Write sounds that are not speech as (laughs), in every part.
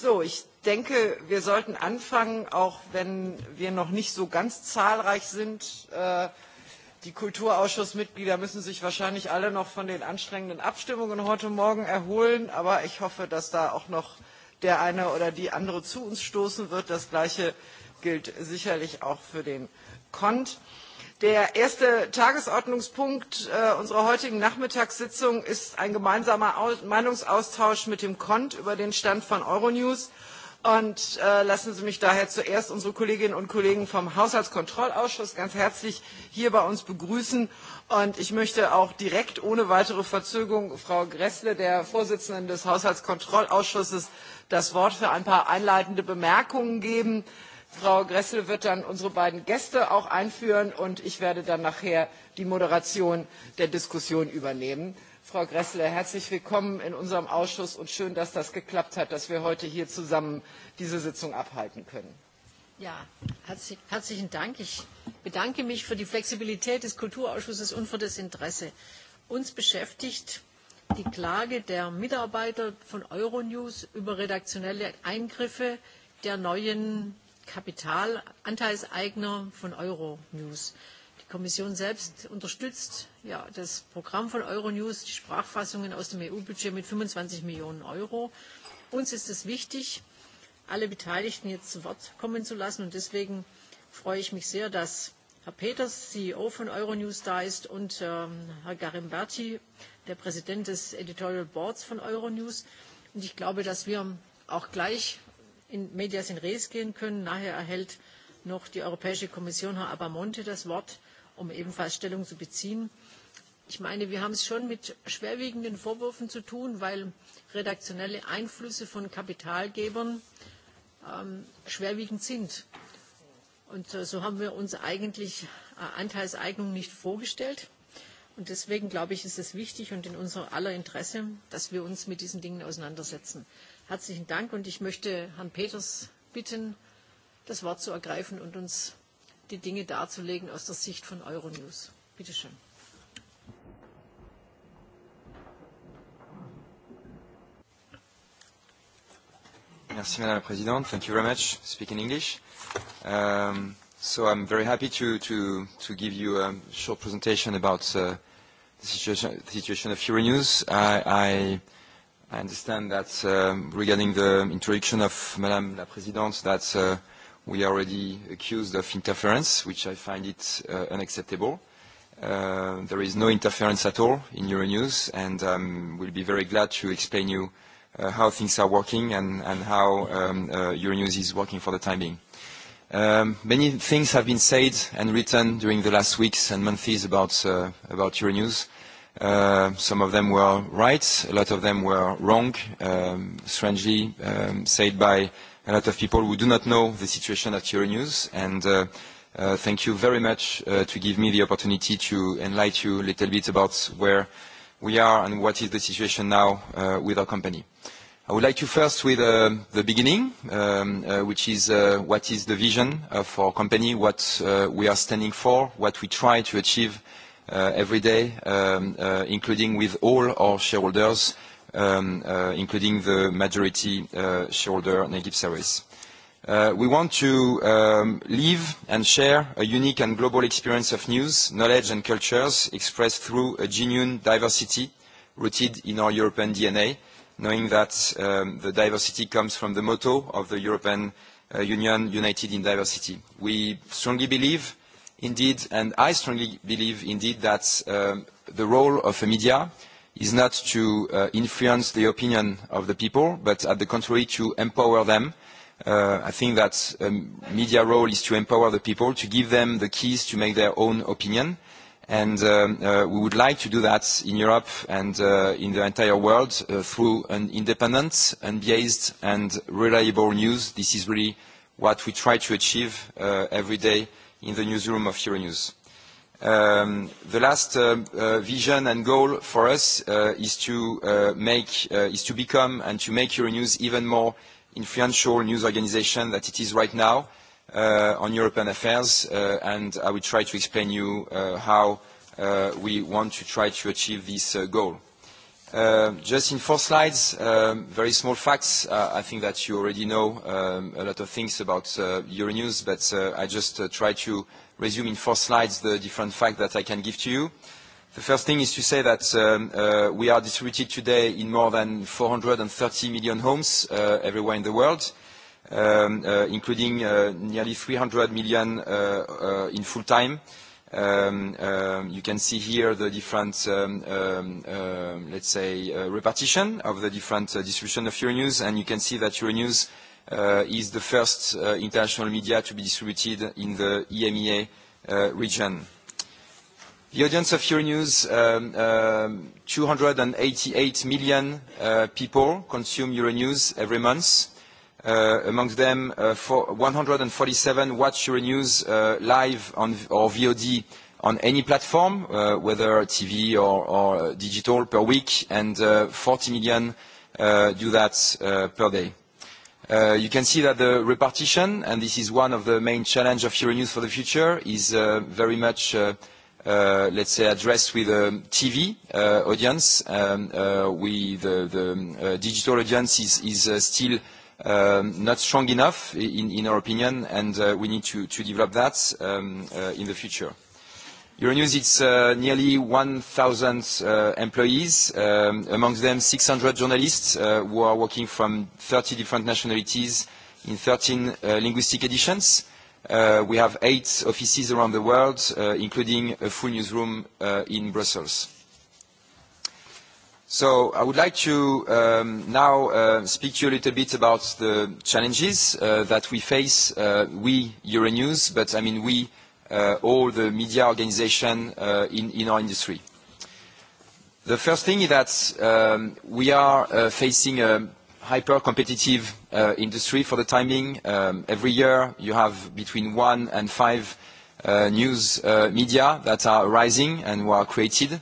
So, ich denke, wir sollten anfangen, auch wenn wir noch nicht so ganz zahlreich sind. Äh, die Kulturausschussmitglieder müssen sich wahrscheinlich alle noch von den anstrengenden Abstimmungen heute Morgen erholen, aber ich hoffe, dass da auch noch der eine oder die andere zu uns stoßen wird. Das Gleiche gilt sicherlich auch für den Kont der erste tagesordnungspunkt äh, unserer heutigen nachmittagssitzung ist ein gemeinsamer meinungsaustausch mit dem cont über den stand von euronews und äh, lassen sie mich daher zuerst unsere kolleginnen und kollegen vom haushaltskontrollausschuss ganz herzlich hier bei uns begrüßen und ich möchte auch direkt ohne weitere verzögerung frau gräßle der vorsitzenden des haushaltskontrollausschusses das wort für ein paar einleitende bemerkungen geben frau gräßle wird dann unsere beiden gäste auch einführen und ich werde dann nachher die moderation der diskussion übernehmen. frau gräßle herzlich willkommen in unserem ausschuss und schön dass das geklappt hat dass wir heute hier zusammen diese sitzung abhalten können. Ja, herzlich, herzlichen Dank. Ich bedanke mich für die Flexibilität des Kulturausschusses und für das Interesse. Uns beschäftigt die Klage der Mitarbeiter von Euronews über redaktionelle Eingriffe der neuen Kapital Anteilseigner von Euronews. Die Kommission selbst unterstützt ja, das Programm von Euronews, die Sprachfassungen aus dem EU-Budget mit 25 Millionen Euro. Uns ist es wichtig, alle Beteiligten jetzt zu Wort kommen zu lassen. Und deswegen freue ich mich sehr, dass Herr Peters, CEO von Euronews, da ist und ähm, Herr Garimberti, der Präsident des Editorial Boards von Euronews. Und ich glaube, dass wir auch gleich in medias in res gehen können. nachher erhält noch die europäische kommission herr abamonte das wort um ebenfalls stellung zu beziehen. ich meine wir haben es schon mit schwerwiegenden vorwürfen zu tun weil redaktionelle einflüsse von kapitalgebern ähm, schwerwiegend sind. Und äh, so haben wir uns eigentlich äh, anteilseignung nicht vorgestellt. Und deswegen glaube ich, ist es wichtig und in unser aller Interesse, dass wir uns mit diesen Dingen auseinandersetzen. Herzlichen Dank und ich möchte Herrn Peters bitten, das Wort zu ergreifen und uns die Dinge darzulegen aus der Sicht von Euronews. Bitte schön. Merci, Madame la Présidente. Thank you very much. Speak in English. Um, so I'm very happy to, to, to give you a short presentation about uh, the, situation, the situation of Euronews. I, I i understand that uh, regarding the introduction of Madame la Présidente, that uh, we are already accused of interference, which I find it uh, unacceptable. Uh, there is no interference at all in Euronews, and um, we'll be very glad to explain you uh, how things are working and, and how um, uh, Euronews is working for the time being. Um, many things have been said and written during the last weeks and months about, uh, about Euronews. Uh, Uh, some of them were right, a lot of them were wrong, um, strangely um, said by a lot of people who do not know the situation at Euronews. And uh, uh, thank you very much uh, to give me the opportunity to enlighten you a little bit about where we are and what is the situation now uh, with our company. I would like to first with uh, the beginning, um, uh, which is uh, what is the vision of our company, what uh, we are standing for, what we try to achieve Uh, every day, um, uh, including with all our shareholders, um, uh, including the majority shareholder, Negip Saris. we want to um, live and share a unique and global experience of news, knowledge and cultures expressed through a genuine diversity rooted in our European DNA, knowing that the diversity comes from the motto of the European Union, United in Diversity. We strongly believe indeed, and I strongly believe indeed that um, the role of the media is not to uh, influence the opinion of the people, but at the contrary, to empower them. Uh, I think that um, media role is to empower the people, to give them the keys to make their own opinion. And um, uh, we would like to do that in Europe and uh, in the entire world uh, through an independent, unbiased and reliable news. This is really what we try to achieve uh, every day in the newsroom of Euronews. Um, the last uh, uh, vision and goal for us uh, is to uh, make, uh, is to become and to make Euronews even more influential news organization that it is right now uh, on European affairs. and I will try to explain you how we want to try to achieve this goal. Um, just in four slides, um, very small facts. Uh, I think that you already know um, a lot of things about uh, Euronews, but uh, I just try to resume in four slides the different facts that I can give to you. The first thing is to say that we are distributed today in more than 430 million homes everywhere in the world, including nearly 300 million in full-time, Um, um, you can see here the different, um, um, um, let's say, uh, repartition of the different uh, distribution of Euronews, and you can see that Euronews uh, is the first uh, international media to be distributed in the EMEA uh, region. The audience of Euronews, um, um, 288 million uh, people consume Euronews every month uh, amongst them uh, for 147 watch Euronews uh, live on, or VOD on any platform, uh, whether TV or, or digital per week, and uh, 40 million uh, do that uh, per day. Uh, you can see that the repartition, and this is one of the main challenges of Euronews for the future, is uh, very much uh, Uh, let's say, addressed with a um, TV uh, audience. Um, uh, we, the the um, uh, digital audience is, is uh, still Um, not strong enough in, in our opinion, and uh, we need to, develop that um, uh, in the future. Euronews, it's uh, nearly 1,000 employees, among um, amongst them 600 journalists who are working from 30 different nationalities in 13 linguistic editions. we have eight offices around the world, including a full newsroom in Brussels. So I would like to um, now uh, speak to you a little bit about the challenges uh, that we face, uh, we Euronews, but I mean we, all the media organization in, our industry. The first thing is that um, we are facing a hyper-competitive industry for the time being. Um, every year, you have between one and five news media that are rising and were created.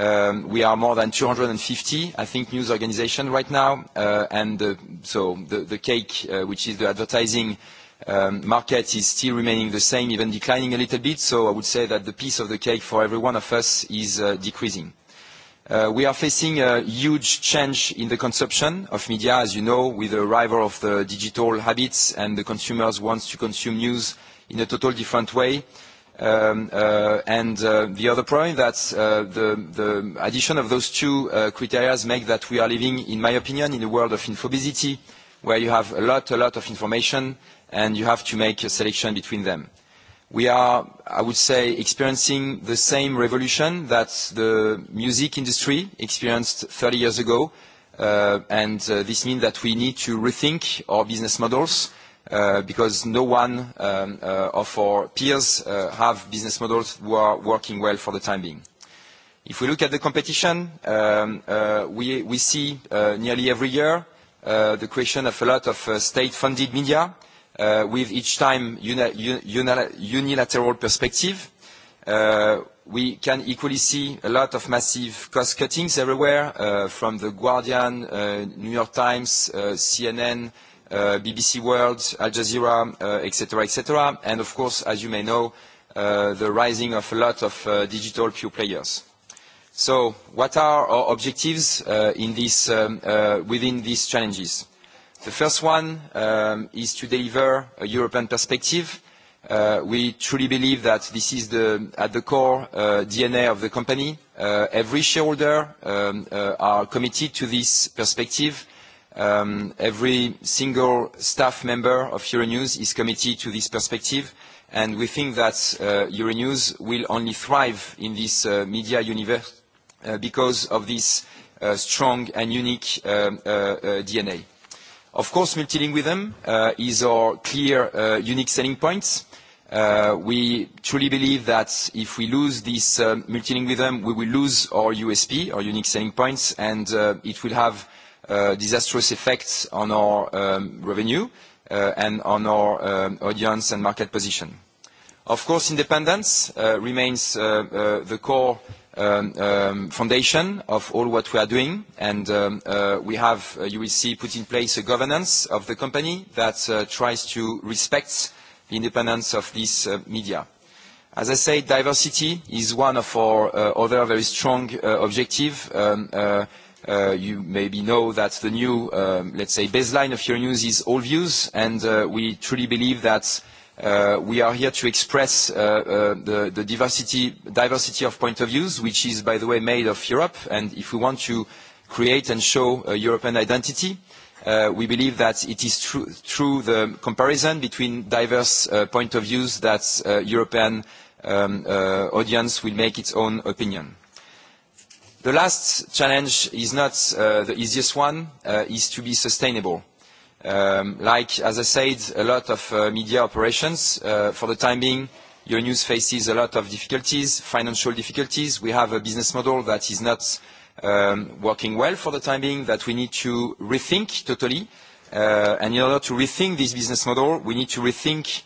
Um, we are more than 250, I think, news organization right now. Uh, and so the, cake, uh, which is the advertising um, market, is still remaining the same, even declining a little bit. So I would say that the piece of the cake for every one of us is uh, decreasing. we are facing a huge change in the consumption of media, as you know, with the arrival of the digital habits and the consumers wants to consume news in a totally different way. Um, uh, and uh, the other point that uh, the, addition of those two criteria make that we are living, in my opinion, in a world of infobesity, where you have a lot, of information, and you have to make a selection between them. We are, I would say, experiencing the same revolution that the music industry experienced 30 years ago, and this means that we need to rethink our business models Uh, because no one um, uh, of our peers uh, have business models who are working well for the time being. If we look at the competition, um, we, we see nearly every year the creation of a lot of state-funded media with each time unilateral perspective. We can equally see a lot of massive cost cuttings everywhere from The Guardian, New York Times, CNN, uh, BBC World, Al Jazeera, uh, etc., etc., and of course, as you may know, uh, the rising of a lot of uh, digital pure players. So what are our objectives uh, in this, um, uh, within these challenges? The first one um, is to deliver a European perspective. Uh, we truly believe that this is the, at the core uh, DNA of the company. Uh, every shareholder um, uh, are committed to this perspective, uh, Um, every single staff member of Euronews is committed to this perspective, and we think that uh, Euronews will only thrive in this uh, media universe uh, because of this uh, strong and unique um, uh, uh, DNA. Of course, multilingualism uh, is our clear uh, unique selling point. Uh, we truly believe that if we lose this uh, multilingualism, we will lose our USP, our unique selling points, and uh, it will have Uh, disastrous effects on our um, revenue uh, and on our um, audience and market position. Of course, independence uh, remains the core um, foundation of all what we are doing, and we have, you will see, put in place a governance of the company that tries to respect the independence of this media. As I said, diversity is one of our other very strong objective. Uh, you maybe know that the new, um, let's say, baseline of your news is all views, and uh, we truly believe that uh, we are here to express uh, uh, the, the diversity, diversity of point of views, which is, by the way, made of Europe. And if we want to create and show a European identity, uh, we believe that it is tr through the comparison between diverse point of views that European um, audience will make its own opinion. The last challenge is not uh, the easiest one, uh, is to be sustainable. Um, like, as I said, a lot of uh, media operations, uh, for the time being, your news faces a lot of difficulties, financial difficulties. We have a business model that is not um, working well for the time being, that we need to rethink totally. Uh, and in order to rethink this business model, we need to rethink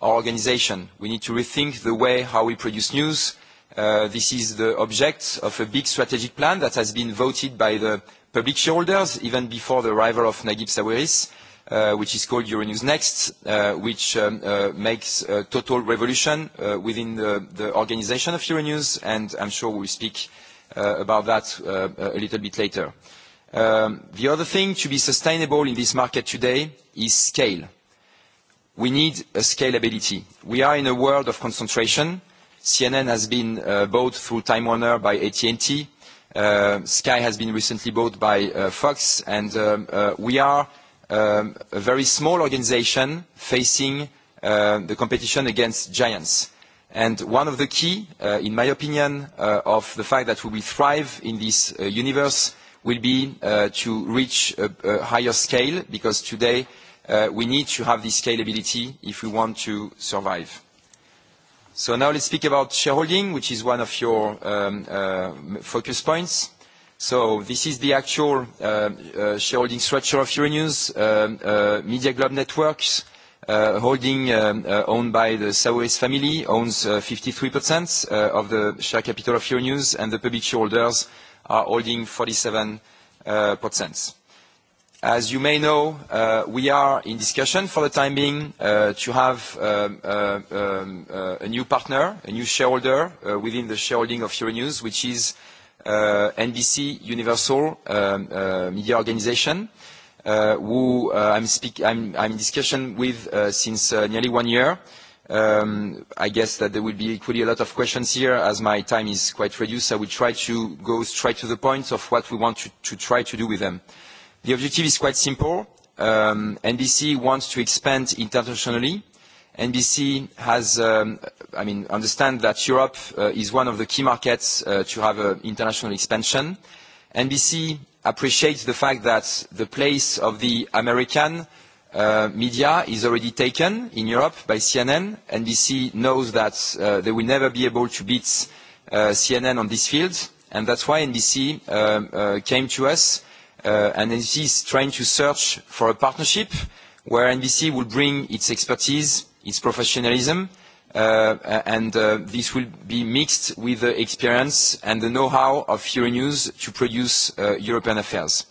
our organization. We need to rethink the way how we produce news, Uh, this is the object of a big strategic plan that has been voted by the public shareholders even before the arrival of Naguib Sawiris, uh, which is called Euronews Next, uh, which um, uh, makes a total revolution uh, within the, the organization of Euronews, and I'm sure we'll speak about that a little bit later. Um, the other thing to be sustainable in this market today is scale. We need a scalability. We are in a world of concentration, CNN has been uh, bought through Time Warner by AT&T. Uh, Sky has been recently bought by uh, Fox, and um, uh, we are um, a very small organization facing uh, the competition against giants. And one of the key, uh, in my opinion, uh, of the fact that we will thrive in this uh, universe will be uh, to reach a, a higher scale, because today uh, we need to have this scalability if we want to survive. So now let's speak about shareholding, which is one of your um, uh, focus points. So this is the actual uh, uh, shareholding structure of Euronews. Um, uh, Media Globe Networks, uh, holding um, uh, owned by the SAWES family, owns 53% of the share capital of Euronews, and the public shareholders are holding 47%. As you may know, uh, we are in discussion for the time being uh, to have um, uh, um, a new partner, a new shareholder within the shareholding of Euronews, which is NBCUniversal um, Media Organization, who I'm, in discussion with since nearly one year. I guess that there will be equally a lot of questions here. As my time is quite reduced, I will try to go straight to the point of what we want to try to do with them. The objective is quite simple. Um, NBC wants to expand internationally. NBC has, um, I mean, understand that Europe uh, is one of the key markets uh, to have an international expansion. NBC appreciates the fact that the place of the American uh, media is already taken in Europe by CNN. NBC knows that they will never be able to beat CNN on this field, and that's why NBC um, came to us uh, and NBC is trying to search for a partnership where NBC will bring its expertise, its professionalism, uh, and uh, this will be mixed with the experience and the know-how of Euronews to produce uh, European affairs.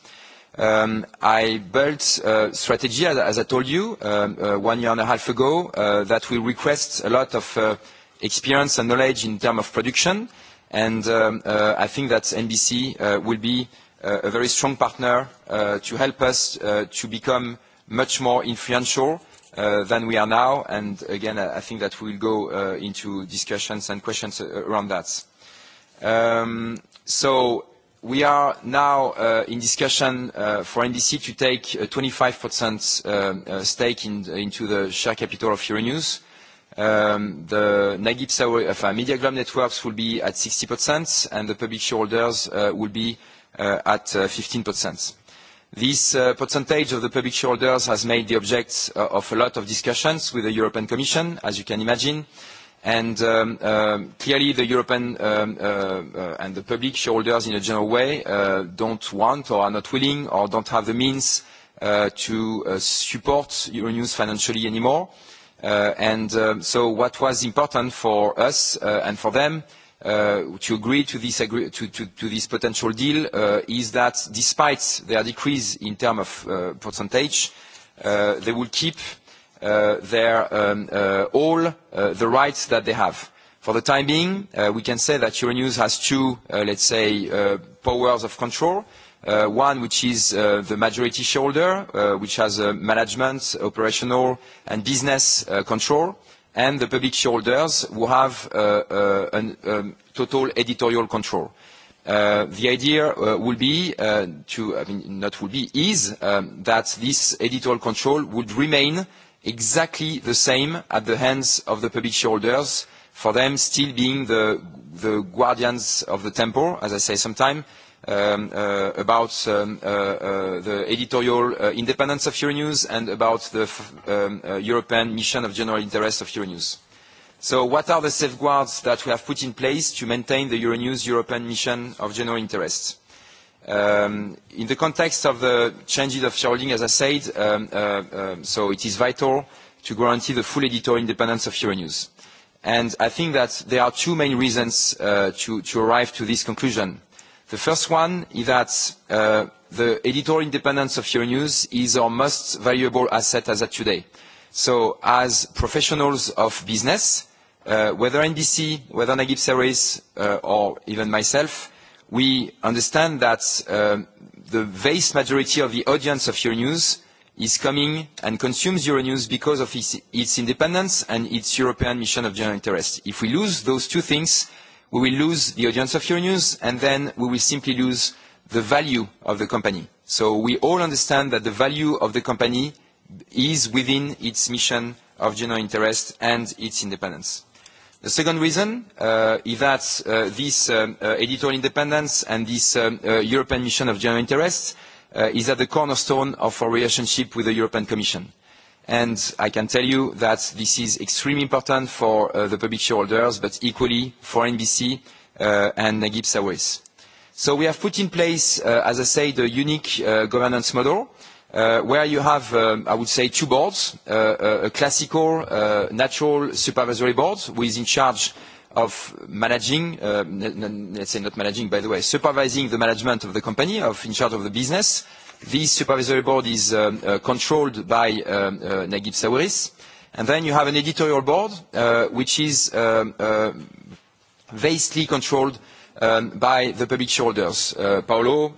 Um, I built a strategy, as, as I told you, um, uh, one year and a half ago, uh, that will request a lot of uh, experience and knowledge in terms of production, and um, uh, I think that NBC uh, will be uh, a very strong partner uh, to help us uh, to become much more influential uh, than we are now. And again, I, think that we will go uh, into discussions and questions uh, around that. Um, so we are now uh, in discussion uh, for NDC to take a 25% uh, uh, stake in, into the share capital of Euronews. Um, the Nagib Sawi, uh, Mediaglam networks will be at 60% and the public shareholders uh, will be Uh, at 15%. Uh, This uh, percentage of the public shareholders has made the object of a lot of discussions with the European Commission, as you can imagine. and um, Clearly, the European um, and the public shareholders, in a general way, don't want or are not willing or don't have the means to support Euronews financially anymore. Um, so, What was important for us and for them Uh, to agree to this, agree to, to, to this potential deal uh, is that despite their decrease in terms of uh, percentage, uh, they will keep uh, their, um, uh, all uh, the rights that they have. For the time being, uh, we can say that Euronews has two, uh, let's say, uh, powers of control. Uh, one, which is uh, the majority shareholder, uh, which has management, operational, and business uh, control and the public shareholders who have uh, uh, an, um, total editorial control. Uh, the idea uh, will be uh, to, I mean, not will be, is um, that this editorial control would remain exactly the same at the hands of the public shareholders for them still being the, the guardians of the temple, as I say sometimes, um, uh, about um, uh, uh, the editorial uh, independence of Euronews and about the f um, uh, European mission of general interest of Euronews. So what are the safeguards that we have put in place to maintain the Euronews European mission of general interest? Um, in the context of the changes of shareholding, as I said, um, uh, um, so it is vital to guarantee the full editorial independence of Euronews. And I think that there are two main reasons uh, to, to arrive to this conclusion. The first one is that uh, the editorial independence of Euronews is our most valuable asset as of today. So as professionals of business, uh, whether NBC, whether Nagib Series, uh, or even myself, we understand that uh, the vast majority of the audience of Euronews is coming and consumes Euronews because of its, its independence and its European mission of general interest. If we lose those two things, we will lose the audience of Euronews, and then we will simply lose the value of the company. So we all understand that the value of the company is within its mission of general interest and its independence. The second reason uh, is that uh, this um, uh, editorial independence and this um, uh, European mission of general interest Uh, is at the cornerstone of our relationship with the European Commission. And I can tell you that this is extremely important for uh, the public shareholders, but equally for NBC uh, and Nagib Sawiris. So we have put in place, as I said, a unique governance model where you have, um, I would say, two boards, a classical natural supervisory board who is in charge of managing, uh, let's say not managing, by the way, supervising the management of the company, of in charge of the business. This supervisory board is um, uh, controlled by um, uh, Naguib Sawiris. And then you have an editorial board, which is vastly um, controlled by the public shareholders. Paolo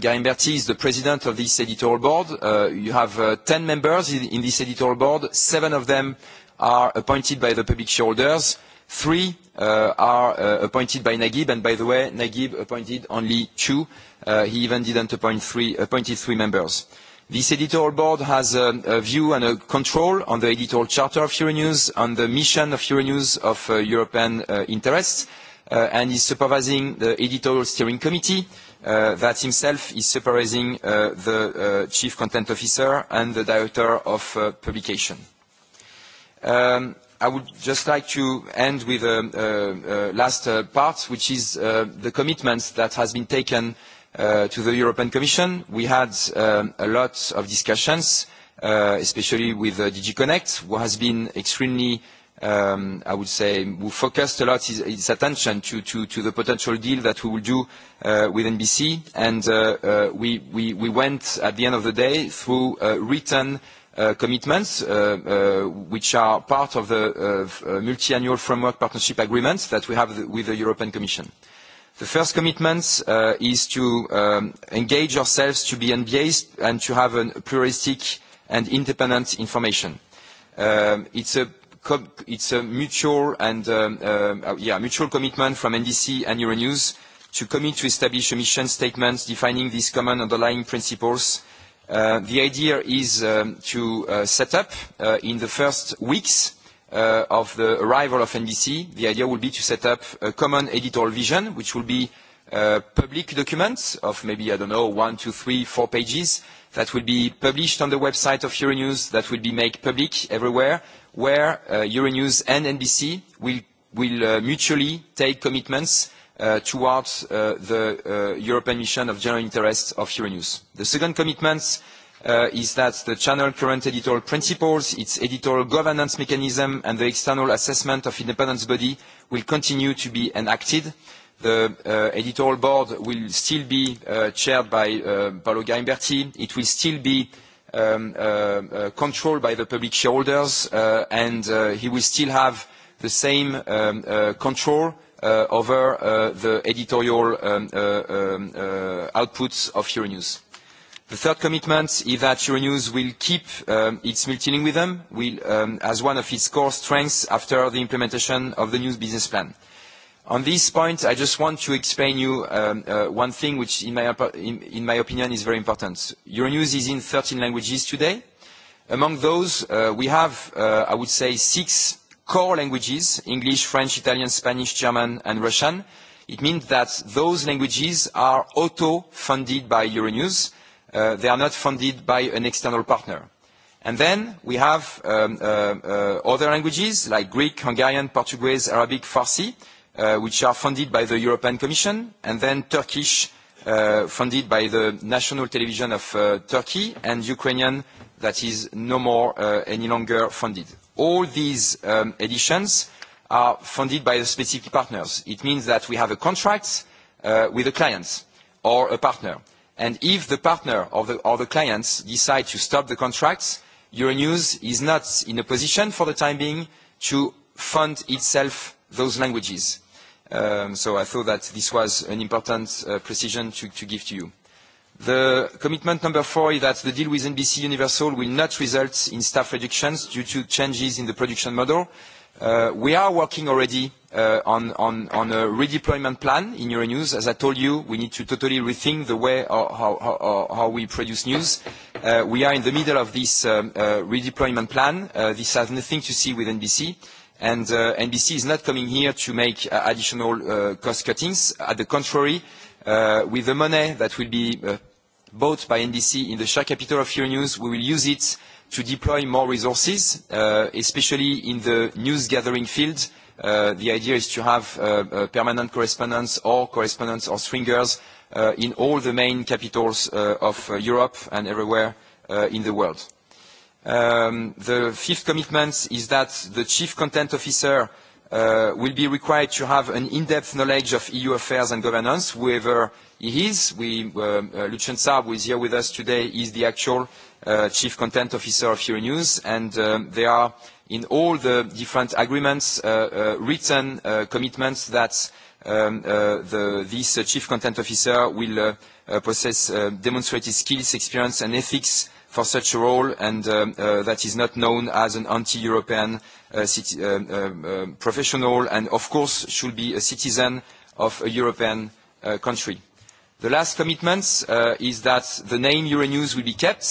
Garimberti is the president of this editorial board. you have 10 members in, this editorial board. Seven of them are appointed by the public shareholders. Three uh, are uh, appointed by Naguib, and by the way, Naguib appointed only two. Uh, he even didn't appoint three, appointed three members. This editorial board has a, view and a control on the editorial charter of Euronews, on the mission of Euronews of European interests, and is supervising the editorial steering committee that himself is supervising the chief content officer and the director of publication. Um, i would just like to end with a, a, a last uh, part, which is uh, the commitments that has been taken uh, to the European Commission. We had um, a lot of discussions, uh, especially with uh, DG Connect, who has been extremely, um, I would say, who focused a lot his, his attention to, to, to the potential deal that we will do uh, with NBC. And uh, uh, we, we, we went, at the end of the day, through uh, written Uh, commitments, uh, uh, which are part of the multi-annual framework partnership agreements that we have with the European Commission. The first commitment is to um, engage ourselves to be unbiased and to have a pluralistic and independent information. Um, it's, a mutual um, commitment from NDC and Euronews to commit to establish a mission statement defining these common underlying principles Uh, the idea is um, to uh, set up uh, in the first weeks uh, of the arrival of NBC, the idea will be to set up a common editorial vision, which will be uh, public documents of maybe, I don't know, one, two, three, four pages that will be published on the website of Euronews, that will be made public everywhere, where Euronews and NBC will, will mutually take commitments Uh, towards uh, the uh, European mission of general interest of Euronews. The second commitment uh, is that the channel current editorial principles, its editorial governance mechanism and the external assessment of independence body will continue to be enacted. The uh, editorial board will still be uh, chaired by uh, Paolo Gaimberti. It will still be um, uh, uh, controlled by the public shareholders uh, and uh, he will still have the same um, uh, control uh, over uh, the editorial um uh, um, uh, outputs of Euronews. The third commitment is that Euronews will keep um, its multilingualism um, as one of its core strengths after the implementation of the news business plan. On this point, I just want to explain you um, uh, one thing which, in my, in, in my opinion, is very important. Euronews is in 13 languages today. Among those, uh, we have, uh, I would say, six core languages, English, French, Italian, Spanish, German, and Russian, it means that those languages are auto-funded by Euronews. Uh, they are not funded by an external partner. And then we have um, uh, uh, other languages like Greek, Hungarian, Portuguese, Arabic, Farsi, uh, which are funded by the European Commission, and then Turkish, uh, funded by the national television of uh, Turkey and Ukrainian that is no more uh, any longer funded. All these um, editions are funded by the specific partners. It means that we have a contract uh, with a client or a partner. And if the partner or the, or the clients decide to stop the contracts, Euronews is not in a position for the time being to fund itself those languages. Um, so I thought that this was an important uh, precision to, to give to you. The commitment number four is that the deal with NBC Universal will not result in staff reductions due to changes in the production model. Uh, we are working already uh, on, on, on a redeployment plan in Euronews. As I told you, we need to totally rethink the way how, how, how, how we produce news. Uh, we are in the middle of this um, uh, redeployment plan. Uh, this has nothing to see with NBC and uh, NBC is not coming here to make uh, additional uh, cost cuttings. At the contrary, uh, with the money that will be uh, bought by NBC in the share capital of Euronews, we will use it to deploy more resources, uh, especially in the news gathering field. Uh, the idea is to have uh, uh, permanent correspondents or correspondents or stringers uh, in all the main capitals uh, of uh, Europe and everywhere uh, in the world. Um, the fifth commitment is that the chief content officer uh, will be required to have an in-depth knowledge of EU affairs and governance, whoever he is. We, uh, uh, Lucien Saab, who is here with us today, is the actual uh, chief content officer of Euronews, and um, there are in all the different agreements uh, uh, written uh, commitments that um, uh, the, this uh, chief content officer will uh, uh, possess uh, demonstrated skills, experience, and ethics for such a role, and um, uh, that is not known as an anti-European uh uh, uh, uh, professional, and of course should be a citizen of a European country. The last commitment is that the name Euronews will be kept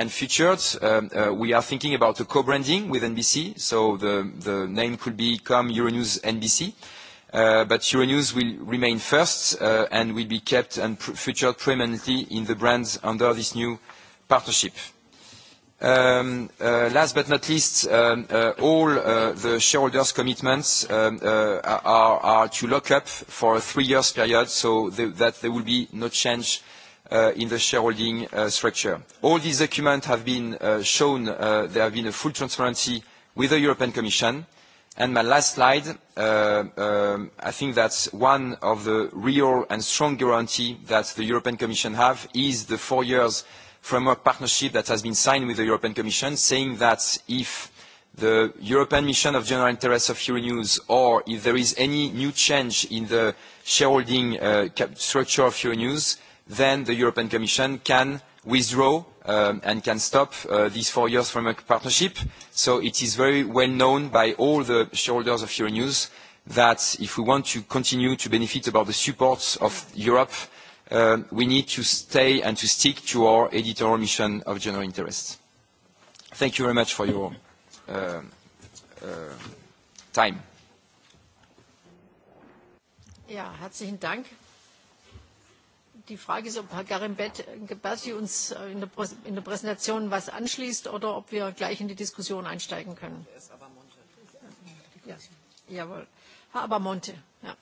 and featured. Um, we are thinking about a co-branding with NBC, so the, the name could become Euronews NBC. Uh, but Euronews will remain first uh, and will be kept and pr featured prominently in the brands under this new partnership. Um, uh, last but not least, um, uh, all uh, the shareholders' commitments um, are, to lock up for a three years period so that there will be no change in the shareholding structure. All these documents have been shown. There have been a full transparency with the European Commission. And my last slide, I think that one of the real and strong guarantee that the European Commission have is the four years framework partnership that has been signed with the European Commission saying that if the European Mission of General Interest of Euronews or if there is any new change in the shareholding uh, structure of Euronews, then the European Commission can withdraw um, and can stop uh, this four years framework partnership. So it is very well known by all the shareholders of Euronews that if we want to continue to benefit about the support of Europe Um, we need to stay and to stick to our editorial mission of general interest. Thank you very much for your uh, uh, time. Ja, herzlichen Dank. Die Frage ist, ob Herr garimbet äh, gebersi uns äh, in der, in der Präsentation was anschließt oder ob wir gleich in die Diskussion einsteigen können. Ja, jawohl. Herr Abamonte. Ja.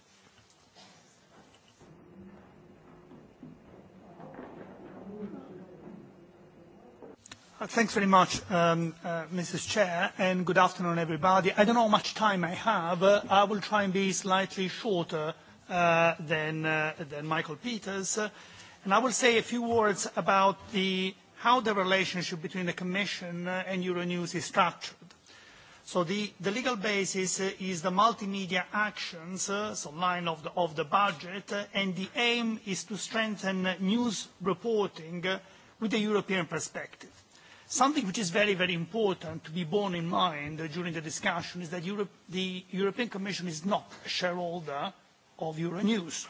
Uh, thanks very much, um, uh, Mrs. Chair, and good afternoon, everybody. I don't know how much time I have. Uh, I will try and be slightly shorter uh, than, uh, than Michael Peters. And I will say a few words about the, how the relationship between the Commission uh, and Euronews is structured. So the, the legal basis is the multimedia actions, so line of the, of the budget, and the aim is to strengthen news reporting with a European perspective. Something which is very, very important to be borne in mind during the discussion is that Europe, the European Commission is not a shareholder of Euronews.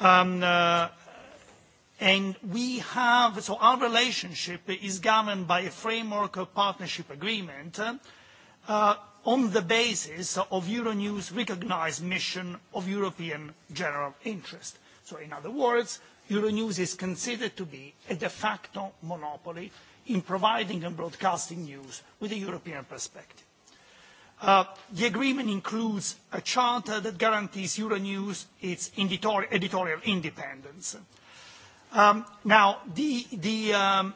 Um, uh, and we have, so our relationship is governed by a framework of partnership agreement uh, uh on the basis of Euronews' recognised mission of European general interest. So in other words, Euronews is considered to be a de facto monopoly in providing and broadcasting news with a European perspective. Uh, the agreement includes a charter that guarantees Euronews its editorial independence. Um, now, the, the, um,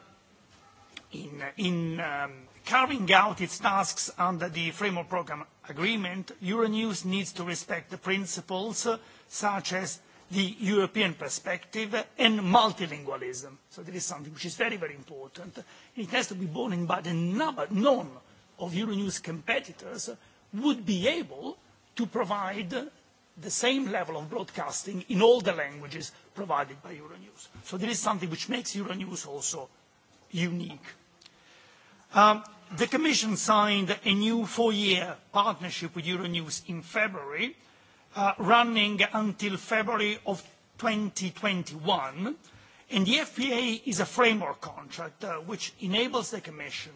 in, in um, carrying out its tasks under the framework programme agreement, Euronews needs to respect the principles uh, such as the European perspective and multilingualism. So this is something which is very, very important. It has to be borne in mind that none of Euronews' competitors would be able to provide the same level of broadcasting in all the languages provided by Euronews. So this is something which makes Euronews also unique. Um, the Commission signed a new four-year partnership with Euronews in February, Uh, running until February of 2021, and the FPA is a framework contract uh, which enables the Commission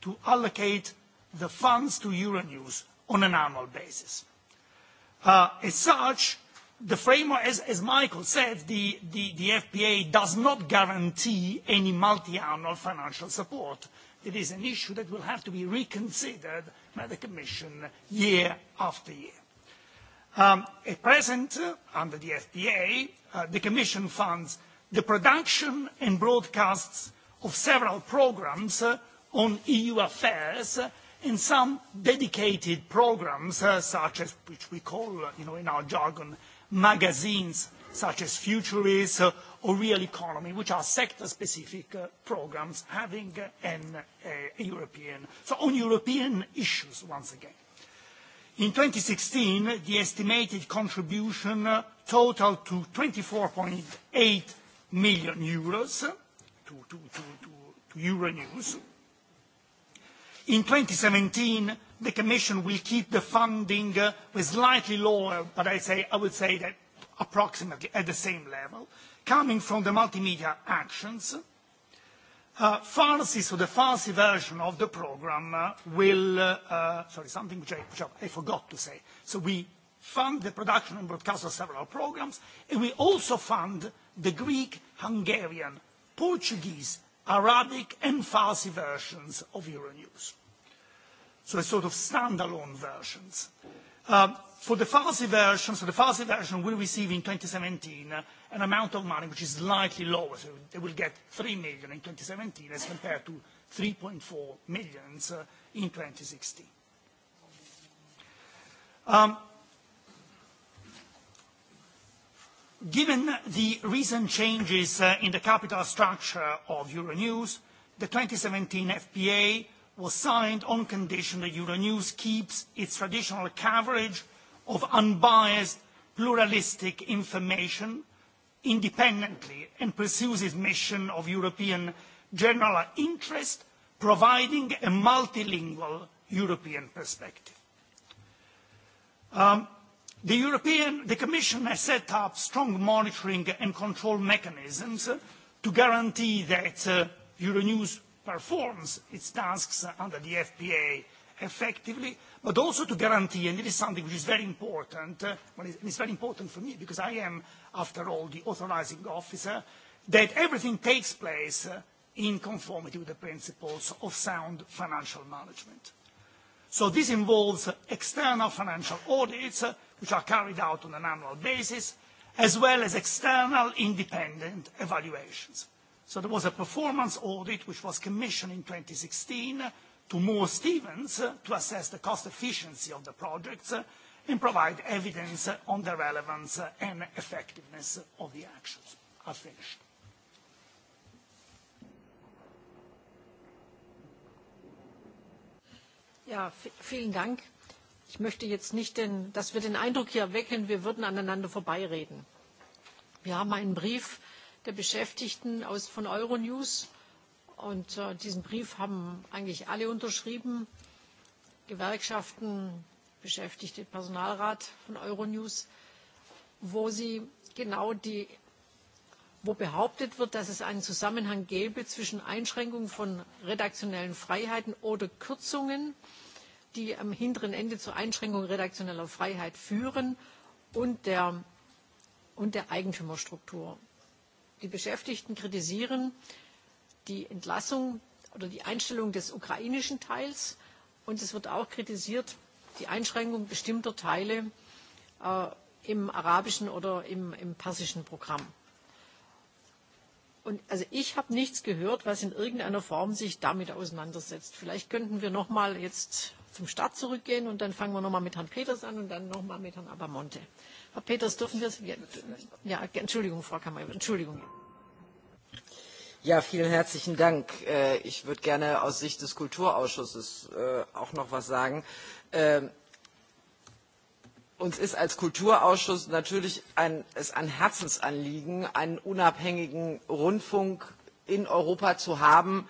to allocate the funds to Euronews on an annual basis. Uh, as such, the framework, as, as Michael said, the, the, the FPA does not guarantee any multi-annual financial support. It is an issue that will have to be reconsidered by the Commission year after year. Um, at present, uh, under the FPA, uh, the Commission funds the production and broadcasts of several programmes uh, on EU affairs and some dedicated programmes such as, which we call, you know, in our jargon, magazines, such as Futurist or Real Economy, which are sector-specific programmes having a European, so on European issues once again. In 2016, the estimated contribution totaled to 24.8 million euros to, to, to, to Euronews. In 2017, the commission will keep the funding uh, with slightly lower, but I, say, I would say that approximately at the same level, coming from the multimedia actions, Uh, Farsi, so the Farsi version of the program uh, will, uh, uh sorry, something which I, which I forgot to say. So we fund the production and broadcast of several programs, and we also fund the Greek, Hungarian, Portuguese, Arabic, and Farsi versions of Euronews. So a sort of standalone versions. Um, for the Farsi version, so the Farsi version will receive in 2017 an amount of money which is slightly lower. So they will get 3 million in 2017 as compared to 3.4 million uh, in 2016. Um, given the recent changes uh, in the capital structure of Euronews, the 2017 FPA was signed on condition that Euronews keeps its traditional coverage of unbiased, pluralistic information independently and pursues its mission of European general interest, providing a multilingual European perspective. Um, the, European, the Commission has set up strong monitoring and control mechanisms to guarantee that uh, Euronews performs its tasks under the FPA effectively but also to guarantee, and it is something which is very important, uh, well, it is very important for me because I am, after all, the authorising officer, that everything takes place uh, in conformity with the principles of sound financial management. So this involves external financial audits, uh, which are carried out on an annual basis, as well as external independent evaluations. So there was a performance audit which was commissioned in 2016, to Moore Stevens to assess the cost efficiency of the projects and provide evidence on the relevance and effectiveness of the actions. I've finished. Ja, vielen Dank. Ich möchte jetzt nicht, den, dass wir den Eindruck hier wecken, wir würden aneinander vorbeireden. Wir haben einen Brief der Beschäftigten aus, von Euronews Und äh, diesen Brief haben eigentlich alle unterschrieben. Gewerkschaften, Beschäftigte, Personalrat von Euronews, wo sie genau die wo behauptet wird, dass es einen Zusammenhang gäbe zwischen Einschränkungen von redaktionellen Freiheiten oder Kürzungen, die am hinteren Ende zur Einschränkung redaktioneller Freiheit führen und der, und der Eigentümerstruktur. Die Beschäftigten kritisieren, die Entlassung oder die Einstellung des ukrainischen Teils und es wird auch kritisiert die Einschränkung bestimmter Teile äh, im arabischen oder im, persischen Programm. also ich habe nichts gehört, was sich in irgendeiner Form damit auseinandersetzt. Vielleicht könnten wir noch mal jetzt zum Start zurückgehen und dann fangen wir noch mal mit Herrn Peters an und dann noch mal mit Herrn Abamonte. Herr Peters, dürfen wir es? Ja, Entschuldigung, Frau Kammer, Entschuldigung. Ja, vielen herzlichen Dank. Äh, ich würde gerne aus Sicht des Kulturausschusses äh, auch noch was sagen. Ähm, uns ist als Kulturausschuss natürlich ein, ein Herzensanliegen, einen unabhängigen Rundfunk in Europa zu haben,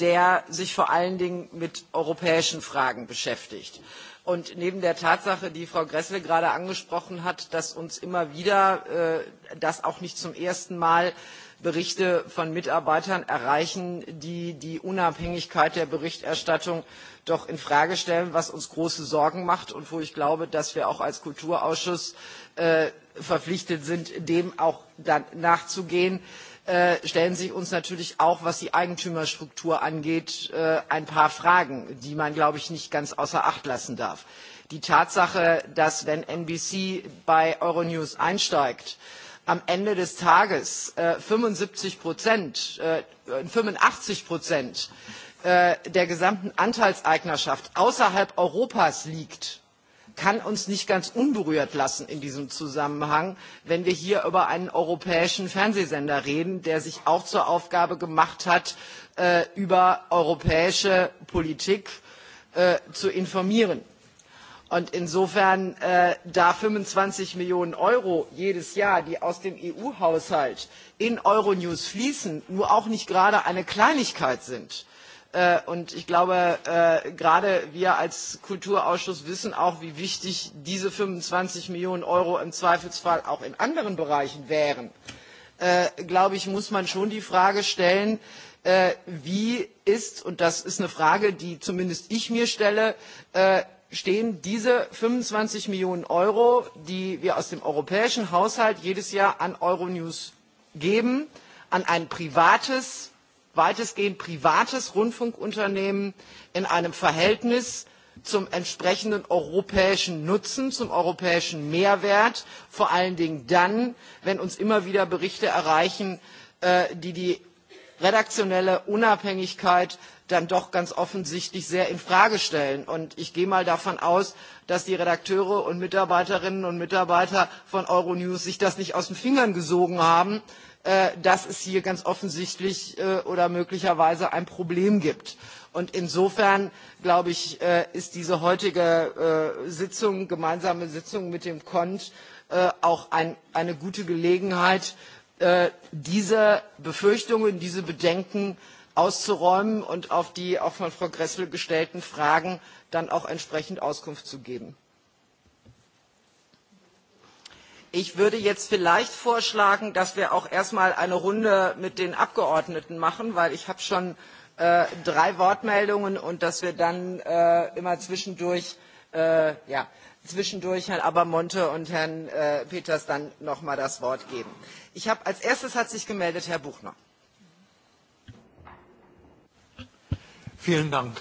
der sich vor allen Dingen mit europäischen Fragen beschäftigt. Und neben der Tatsache, die Frau Gressle gerade angesprochen hat, dass uns immer wieder, äh, das auch nicht zum ersten Mal, Berichte von Mitarbeitern erreichen, die die Unabhängigkeit der Berichterstattung doch in Frage stellen, was uns große Sorgen macht und wo ich glaube, dass wir auch als Kulturausschuss äh, verpflichtet sind, dem auch nachzugehen äh, stellen sich uns natürlich auch, was die Eigentümerstruktur angeht, äh, ein paar Fragen, die man, glaube ich, nicht ganz außer Acht lassen darf. Die Tatsache, dass wenn NBC bei Euronews einsteigt, am ende des tages äh, fünfundsiebzig äh, äh, fünfundachtzig der gesamten anteilseignerschaft außerhalb europas liegt kann uns nicht ganz unberührt lassen in diesem zusammenhang wenn wir hier über einen europäischen fernsehsender reden der sich auch zur aufgabe gemacht hat über europäische politik zu informieren. Und insofern äh, da 25 Millionen Euro jedes Jahr, die aus dem EU-Haushalt in Euronews fließen, nur auch nicht gerade eine Kleinigkeit sind. Äh, und ich glaube, äh, gerade wir als Kulturausschuss wissen auch, wie wichtig diese 25 Millionen Euro im Zweifelsfall auch in anderen Bereichen wären. Äh, glaube ich, muss man schon die Frage stellen, äh, wie ist und das ist eine frage die zumindest ich mir stelle äh, stehen diese fünfundzwanzig millionen euro die wir aus dem europäischen haushalt jedes jahr an euronews geben an ein privates weitestgehend privates rundfunkunternehmen in einem verhältnis zum entsprechenden europäischen Nutzen, zum europäischen Mehrwert, vor allen Dingen dann, wenn uns immer wieder Berichte erreichen, äh, die die redaktionelle Unabhängigkeit dann doch ganz offensichtlich sehr in Frage stellen. Und ich gehe mal davon aus, dass die Redakteure und Mitarbeiterinnen und Mitarbeiter von Euronews sich das nicht aus den Fingern gesogen haben, äh, dass es hier ganz offensichtlich äh, oder möglicherweise ein Problem gibt. Und insofern, glaube ich, äh, ist diese heutige Sitzung, gemeinsame Sitzung mit dem KONT auch ein, eine gute Gelegenheit, diese Befürchtungen, diese Bedenken auszuräumen und auf die auch von Frau Gressel gestellten Fragen dann auch entsprechend Auskunft zu geben. Ich würde jetzt vielleicht vorschlagen, dass wir auch erst einmal eine Runde mit den Abgeordneten machen, weil ich habe schon äh, drei Wortmeldungen und dass wir dann äh, immer zwischendurch, äh, ja, zwischendurch Herrn Abermonte und Herrn äh, Peters dann noch einmal das Wort geben. Ich habe als erstes hat sich gemeldet Herr Buchner. Vielen Dank.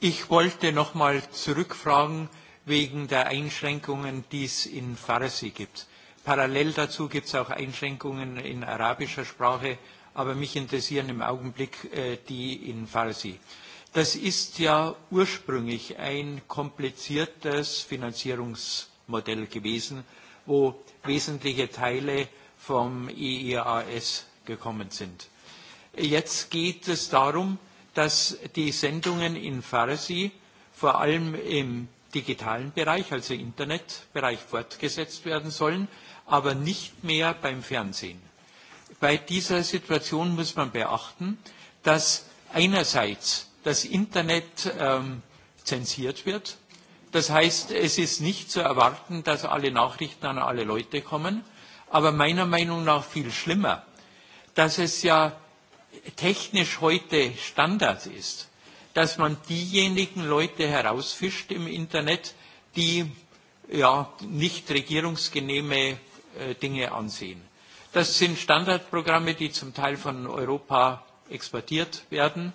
Ich wollte noch mal zurückfragen wegen der Einschränkungen, die es in Farsi gibt. Parallel dazu gibt es auch Einschränkungen in arabischer Sprache, aber mich interessieren im Augenblick äh, die in Farsi. Das ist ja ursprünglich ein kompliziertes Finanzierungsmodell gewesen, wo wesentliche Teile vom EEAS gekommen sind. Jetzt geht es darum, dass die Sendungen in Farsi vor allem im digitalen Bereich, also Internetbereich, fortgesetzt werden sollen, aber nicht mehr beim Fernsehen. Bei dieser Situation muss man beachten, dass einerseits das Internet ähm, zensiert wird. Das heißt, es ist nicht zu erwarten, dass alle Nachrichten an alle Leute kommen. Aber meiner Meinung nach viel schlimmer, dass es ja technisch heute Standard ist, dass man diejenigen Leute herausfischt im Internet, die ja, nicht regierungsgenehme äh, Dinge ansehen. Das sind Standardprogramme, die zum Teil von Europa exportiert werden,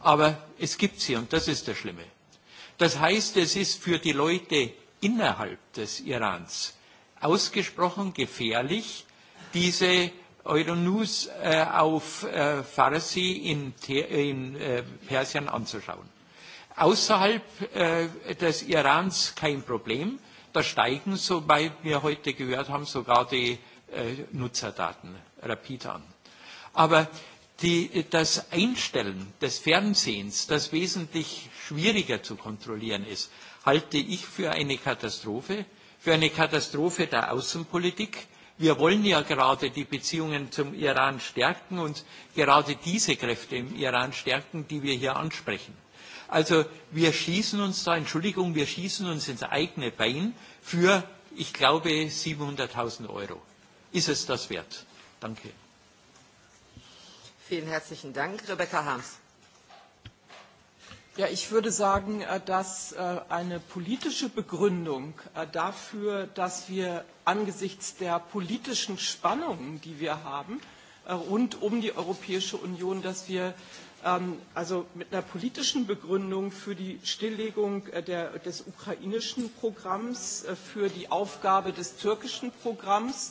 aber es gibt sie und das ist das Schlimme. Das heißt, es ist für die Leute innerhalb des Irans ausgesprochen gefährlich, diese Euronews äh, øh, auf äh, øh, Farsi in, in äh, øh, Persien anzuschauen. Außerhalb äh, des Irans kein Problem. Da steigen, soweit wir heute gehört haben, sogar die äh, Nutzerdaten rapid an. Aber die, das Einstellen des Fernsehens, das wesentlich schwieriger zu kontrollieren ist, halte ich für eine Katastrophe, für eine Katastrophe der Außenpolitik, Wir wollen ja gerade die Beziehungen zum Iran stärken und gerade diese Kräfte im Iran stärken, die wir hier ansprechen. Also wir schießen uns da, Entschuldigung, wir schießen uns ins eigene Bein für, ich glaube, 700.000 Euro. Ist es das wert? Danke. Vielen herzlichen Dank. Rebecca Harms. Ja, ich würde sagen, äh, dass äh, eine politische Begründung äh, dafür, dass wir angesichts der politischen Spannungen, die wir haben, rund um die Europäische Union, dass wir ähm, also mit einer politischen Begründung für die Stilllegung der, des ukrainischen Programms, für die Aufgabe des türkischen Programms,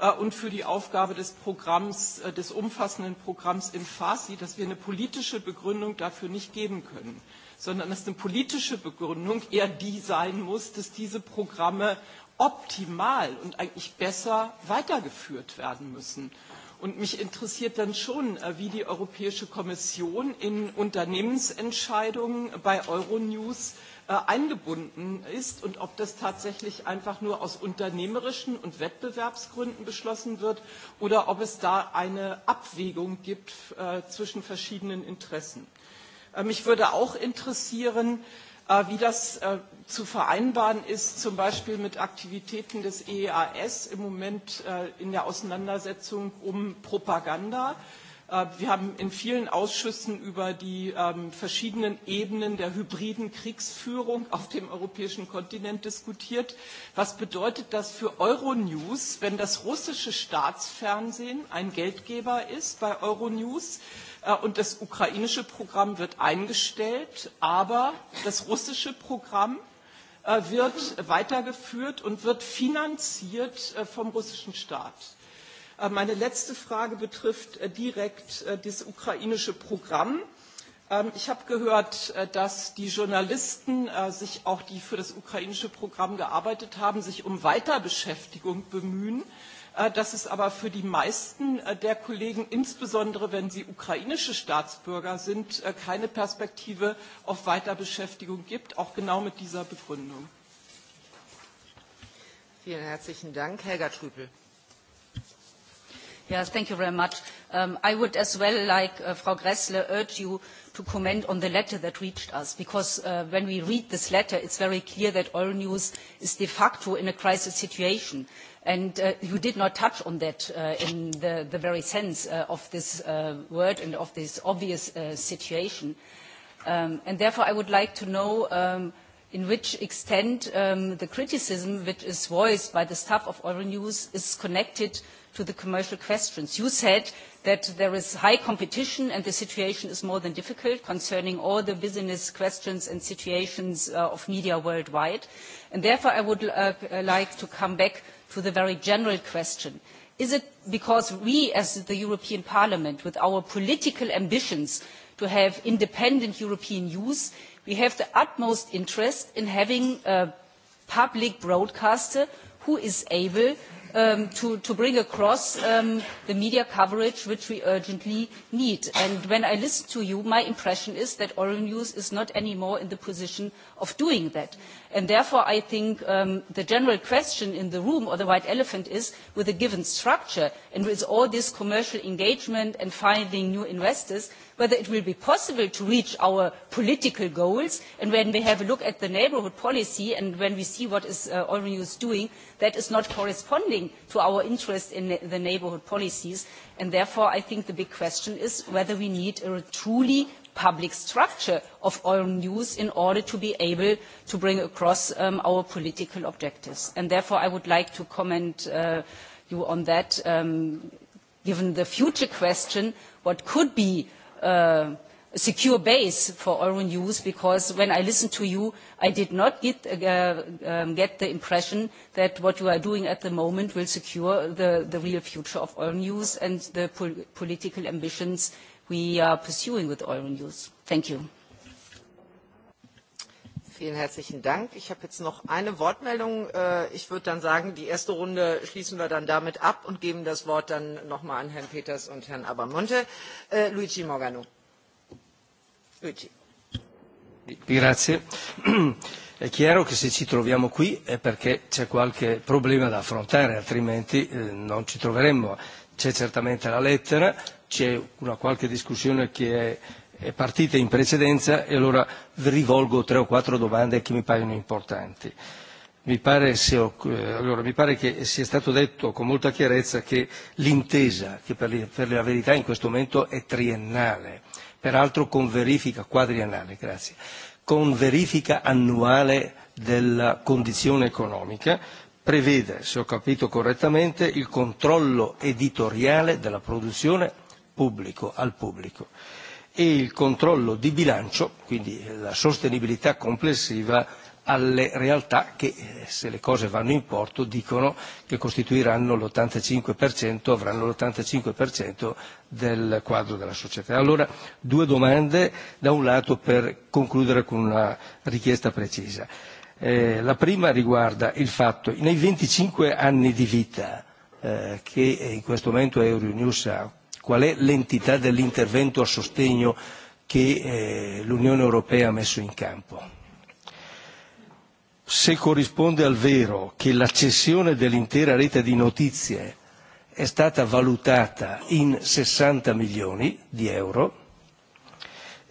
Äh, und für die Aufgabe des Programms, äh, des umfassenden Programms in Farsi, dass wir eine politische Begründung dafür nicht geben können, sondern dass eine politische Begründung eher die sein muss, dass diese Programme optimal und eigentlich besser weitergeführt werden müssen. Und mich interessiert dann schon, äh, wie die Europäische Kommission in Unternehmensentscheidungen bei Euronews Äh, eingebunden ist und ob das tatsächlich einfach nur aus unternehmerischen und Wettbewerbsgründen beschlossen wird oder ob es da eine Abwägung gibt äh, zwischen verschiedenen Interessen. Äh, mich würde auch interessieren, wie das zu vereinbaren ist, zum Beispiel mit Aktivitäten des EEAS im Moment in der Auseinandersetzung um Propaganda. Äh, wir haben in vielen Ausschüssen über die ähm, verschiedenen Ebenen der hybriden Kriegsführung auf dem europäischen Kontinent diskutiert. Was bedeutet das für Euronews, wenn das russische Staatsfernsehen ein Geldgeber ist bei Euronews äh, und das ukrainische Programm wird eingestellt, aber das russische Programm äh, wird weitergeführt und wird finanziert vom russischen Staat? Äh, meine letzte frage betrifft äh, direkt äh, das ukrainische programm. Ähm, ich habe gehört dass die journalisten auch die für das ukrainische programm gearbeitet haben sich um weiterbeschäftigung bemühen dass es aber für die meisten der kollegen insbesondere wenn sie ukrainische staatsbürger sind keine perspektive auf weiterbeschäftigung gibt auch genau mit dieser begründung. vielen herzlichen dank helga trüpel. Yes, thank you very much. Um, I would as well, like uh, Frau Gressler urge you to comment on the letter that reached us, because uh, when we read this letter, it's very clear that oil news is de facto in a crisis situation. And uh, you did not touch on that uh, in the, the very sense uh, of this uh, word and of this obvious uh, situation. Um, and therefore, I would like to know um, in which extent um, the criticism which is voiced by the staff of Euronews is connected to the commercial questions. You said that there is high competition and the situation is more than difficult concerning all the business questions and situations uh, of media worldwide. And therefore, I would uh, like to come back to the very general question. Is it because we, as the European Parliament, with our political ambitions to have independent European news, we have the utmost interest in having a public broadcaster who is able um, to, to bring across um, the media coverage which we urgently need. And when I listen to you, my impression is that oral news is not anymore in the position of doing that. And therefore, I think um, the general question in the room, or the white elephant, is with a given structure and with all this commercial engagement and finding new investors, whether it will be possible to reach our political goals. And when we have a look at the neighbourhood policy and when we see what is is uh, doing, that is not corresponding to our interest in the neighbourhood policies. And therefore, I think the big question is whether we need a truly public structure of oil news in order to be able to bring across um, our political objectives. And therefore, I would like to comment uh, you on that, um, given the future question, what could be uh, a secure base for Euronews because when I listened to you, I did not get, uh, um, get, the impression that what you are doing at the moment will secure the, the real future of Euronews and the pol political ambitions we are pursuing with Euronews. Thank you. Vielen herzlichen Dank. Ich habe jetzt noch eine Wortmeldung. Äh, ich würde dann sagen, die erste Runde schließen wir dann damit ab und geben das Wort dann nochmal an Herrn Peters und Herrn Abamonte. Äh, Luigi Morgano. Luigi. Grazie. È chiaro che se ci troviamo qui è perché c'è qualche problema da affrontare, altrimenti eh, non ci troveremmo. C'è certamente la lettera, c'è una qualche discussione che è è partita in precedenza e allora vi rivolgo tre o quattro domande che mi paiono importanti. Mi pare, se ho, eh, allora, mi pare che sia stato detto con molta chiarezza che l'intesa, che per, per la verità in questo momento è triennale, peraltro con verifica quadriennale, grazie con verifica annuale della condizione economica, prevede, se ho capito correttamente, il controllo editoriale della produzione pubblico al pubblico e il controllo di bilancio, quindi la sostenibilità complessiva alle realtà che, eh, se le cose vanno in porto, dicono che costituiranno l'85%, avranno l'85% del quadro della società. Allora, due domande, da un lato per concludere con una richiesta precisa. Eh, la prima riguarda il fatto, nei 25 anni di vita eh, che in questo momento Euronews ha, qual è l'entità dell'intervento a sostegno che eh, l'Unione Europea ha messo in campo? se corrisponde al vero che la cessione dell'intera rete di notizie è stata valutata in 60 milioni di euro,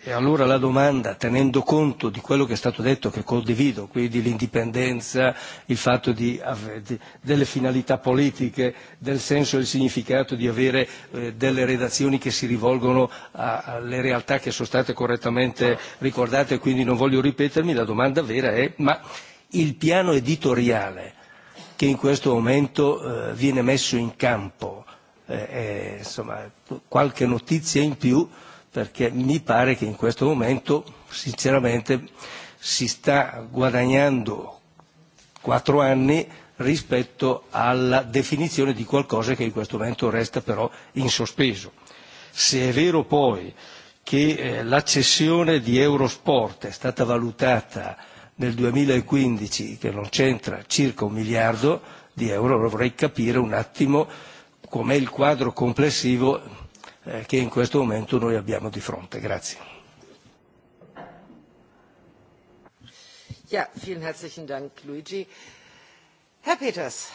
e allora la domanda, tenendo conto di quello che è stato detto, che condivido, quindi l'indipendenza, il fatto di, di, delle finalità politiche, del senso e il significato di avere eh, delle redazioni che si rivolgono alle realtà che sono state correttamente ricordate, quindi non voglio ripetermi, la domanda vera è ma il piano editoriale che in questo momento eh, viene messo in campo, eh, eh, insomma, qualche notizia in più, perché mi pare che in questo momento, sinceramente, si sta guadagnando quattro anni rispetto alla definizione di qualcosa che in questo momento resta però in sospeso. Se è vero poi che eh, l'accessione di Eurosport è stata valutata nel 2015, e che non c'entra, circa un miliardo di euro, allora vorrei capire un attimo com'è il quadro complessivo eh, che in questo momento noi abbiamo di fronte. Grazie. Ja, vielen herzlichen Dank, Luigi. Herr Peters.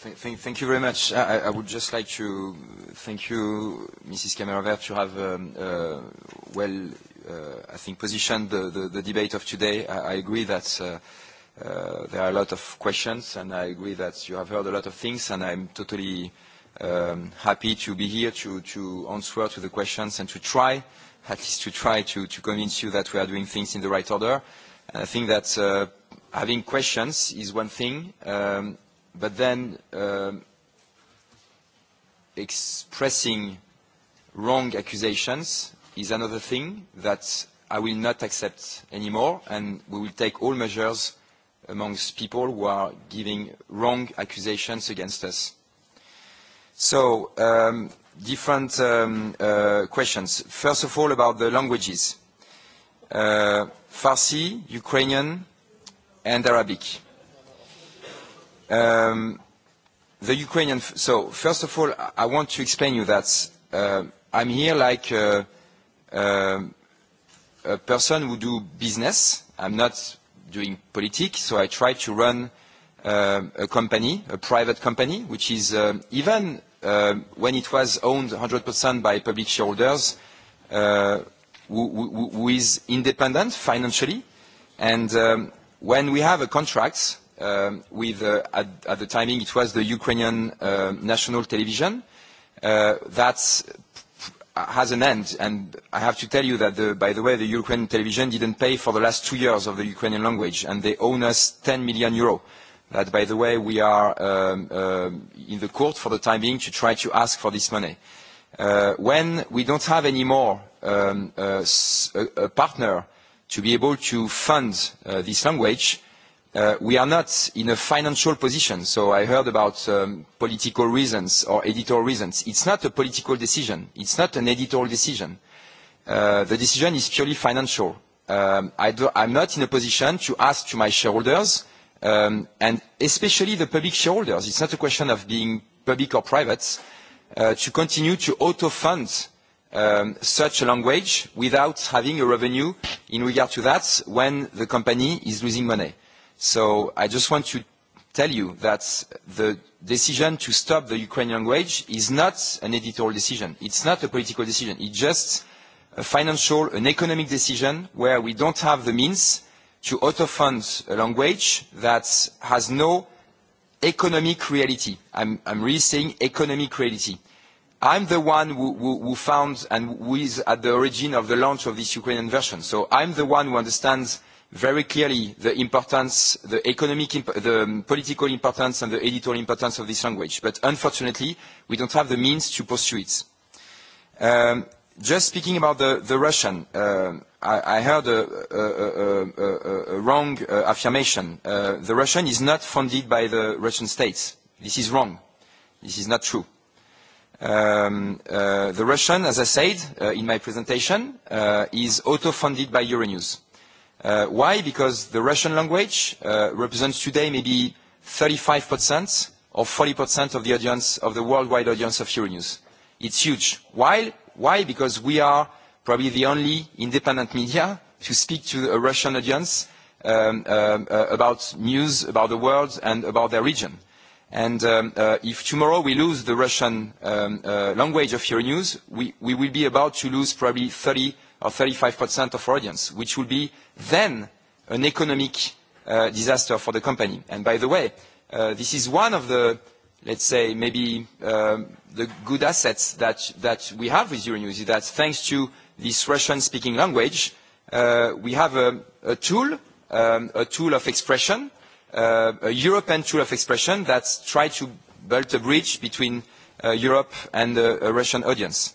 Thank, thank, you very much. I, I would just like to thank you, Mrs. Kammerevert, to have um, uh, well, uh, I think, positioned the, the, the debate of today. I, I agree that uh, uh, there are a lot of questions, and I agree that you have heard a lot of things, and I'm totally um, happy to be here to, to answer to the questions and to try, at least to try to, to convince you that we are doing things in the right order. And I think that uh, having questions is one thing. Um, but then um, expressing wrong accusations is another thing that I will not accept anymore, and we will take all measures amongst people who are giving wrong accusations against us. So, um, different um, uh, questions. First of all, about the languages. Uh, Farsi, Ukrainian, and Arabic Um, the Ukrainian, so first of all, I want to explain you that uh, I'm here like uh, uh, a person who do business. I'm not doing politics, so I try to run uh, a company, a private company, which is uh, even uh, when it was owned 100% by public shareholders, uh, who, who, who is independent financially. And um, when we have a contract, Um, with, uh, at, at the timing, it was the Ukrainian uh, national television. Uh, that uh, has an end, and I have to tell you that, the, by the way, the Ukrainian television didn't pay for the last two years of the Ukrainian language, and they own us 10 million euro. That, by the way, we are um, uh, in the court for the time being to try to ask for this money. Uh, when we don't have any more um, uh, a, a partner to be able to fund uh, this language, Uh, we are not in a financial position. So I heard about um, political reasons or editorial reasons. It's not a political decision. It's not an editorial decision. Uh, the decision is purely financial. Um, I do, I'm not in a position to ask to my shareholders, um, and especially the public shareholders, it's not a question of being public or private, uh, to continue to auto-fund um, such a language without having a revenue in regard to that when the company is losing money. So I just want to tell you that the decision to stop the Ukrainian language is not an editorial decision. It's not a political decision. It's just a financial, an economic decision where we don't have the means to auto-fund a language that has no economic reality. I'm, I'm really saying economic reality. I'm the one who, who, who found and who is at the origin of the launch of this Ukrainian version. So I'm the one who understands very clearly the importance, the economic, imp the political importance and the editorial importance of this language. But unfortunately, we don't have the means to pursue it. Um, just speaking about the, the Russian, uh, I, I heard a, a, a, a, a wrong uh, affirmation. Uh, the Russian is not funded by the Russian states. This is wrong. This is not true. Um, uh, the Russian, as I said uh, in my presentation, uh, is auto-funded by Euronews. Uh, why? Because the Russian language uh, represents today maybe 35% or 40% of the audience, of the worldwide audience of Euronews. It's huge. Why? Why? Because we are probably the only independent media to speak to a Russian audience um, uh, about news, about the world, and about their region. And um, if tomorrow we lose the Russian um, language of Euronews, we, we will be about to lose probably 30 or 35% of our audience, which will be then an economic uh, disaster for the company. And by the way, uh, this is one of the, let's say, maybe um, the good assets that, that we have with Euronews, is that thanks to this Russian-speaking language, uh, we have a, a tool, um, a tool of expression, uh, a European tool of expression that tries to build a bridge between uh, Europe and uh, a Russian audience.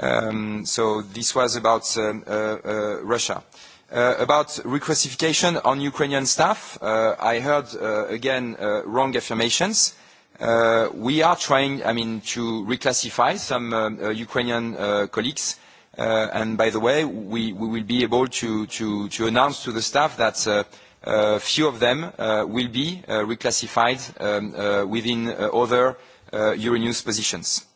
Um, so this was about uh, uh, uh, Russia. Uh, about reclassification on Ukrainian staff, uh, I heard uh, again uh, wrong affirmations. Uh, we are trying, I mean, to reclassify some uh, uh, Ukrainian uh, colleagues. Uh, and by the way, we, we will be able to, to, to announce to the staff that uh, uh, few of them uh, will be uh, reclassified um, uh, within uh, other uh, Euronews positions.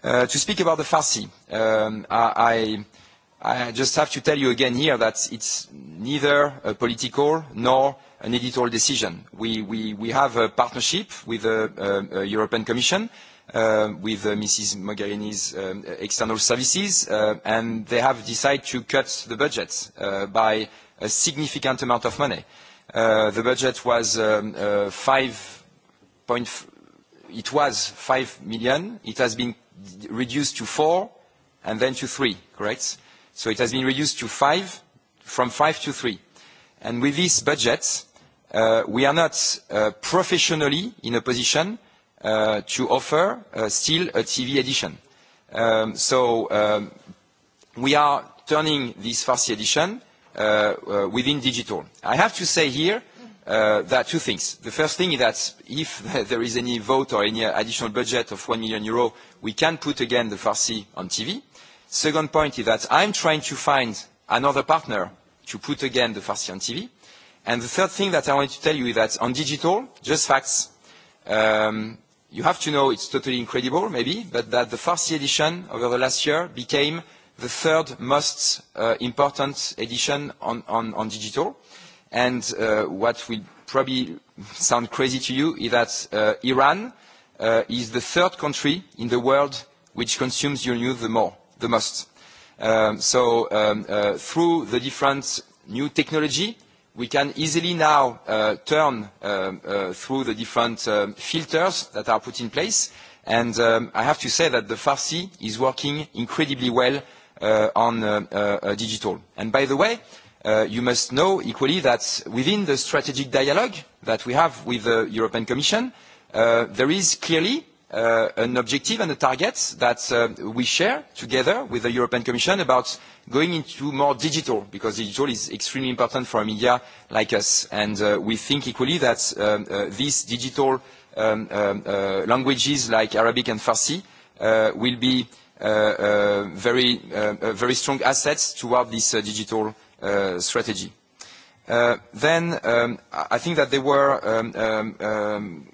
Uh, to speak about the Farsi, um, I, I just have to tell you again here that it's neither a political nor an editorial decision. We, we, we have a partnership with the European Commission, uh, with uh, Mrs. Mogherini's um, external services, uh, and they have decided to cut the budget uh, by a significant amount of money. Uh, the budget was um, uh, 5 it was 5 million. It has been reduced to 4 million and then to 3, million, correct? So it has been reduced to 5, from 5 to 3. million. with this budget, uh, we are not uh, professionally in a position uh, to offer still a TV edition. Um, so um, we are turning this Farsi edition within digital. I have to say here Uh, there are two things. The first thing is that if (laughs) there is any vote or any additional budget of 1 million euro, we can put again the Farsi on TV. Second point is that I'm trying to find another partner to put again the Farsi on TV. And the third thing that I want to tell you is that on digital, just facts. Um, you have to know it's totally incredible, maybe, but that the Farsi edition over the last year became the third most uh, important edition on, on, on digital. And uh, what will probably sound crazy to you is that uh, Iran uh, is the third country in the world which consumes uranium the, more, the most. Um, so um, uh, through the different new technology, we can easily now uh, turn um, uh, through the different um, filters that are put in place. And um, I have to say that the Farsi is working incredibly well uh, on uh, uh, digital. And by the way, uh, Uh, you must know equally that within the strategic dialogue that we have with the European Commission, uh, there is clearly uh, an objective and a target that uh, we share together with the European Commission about going into more digital, because digital is extremely important for a media like us. And uh, we think equally that um, these digital um, languages like Arabic and Farsi will be very, very strong assets toward this digital Uh, strategy. Uh, then um, I think that there were um, um, um,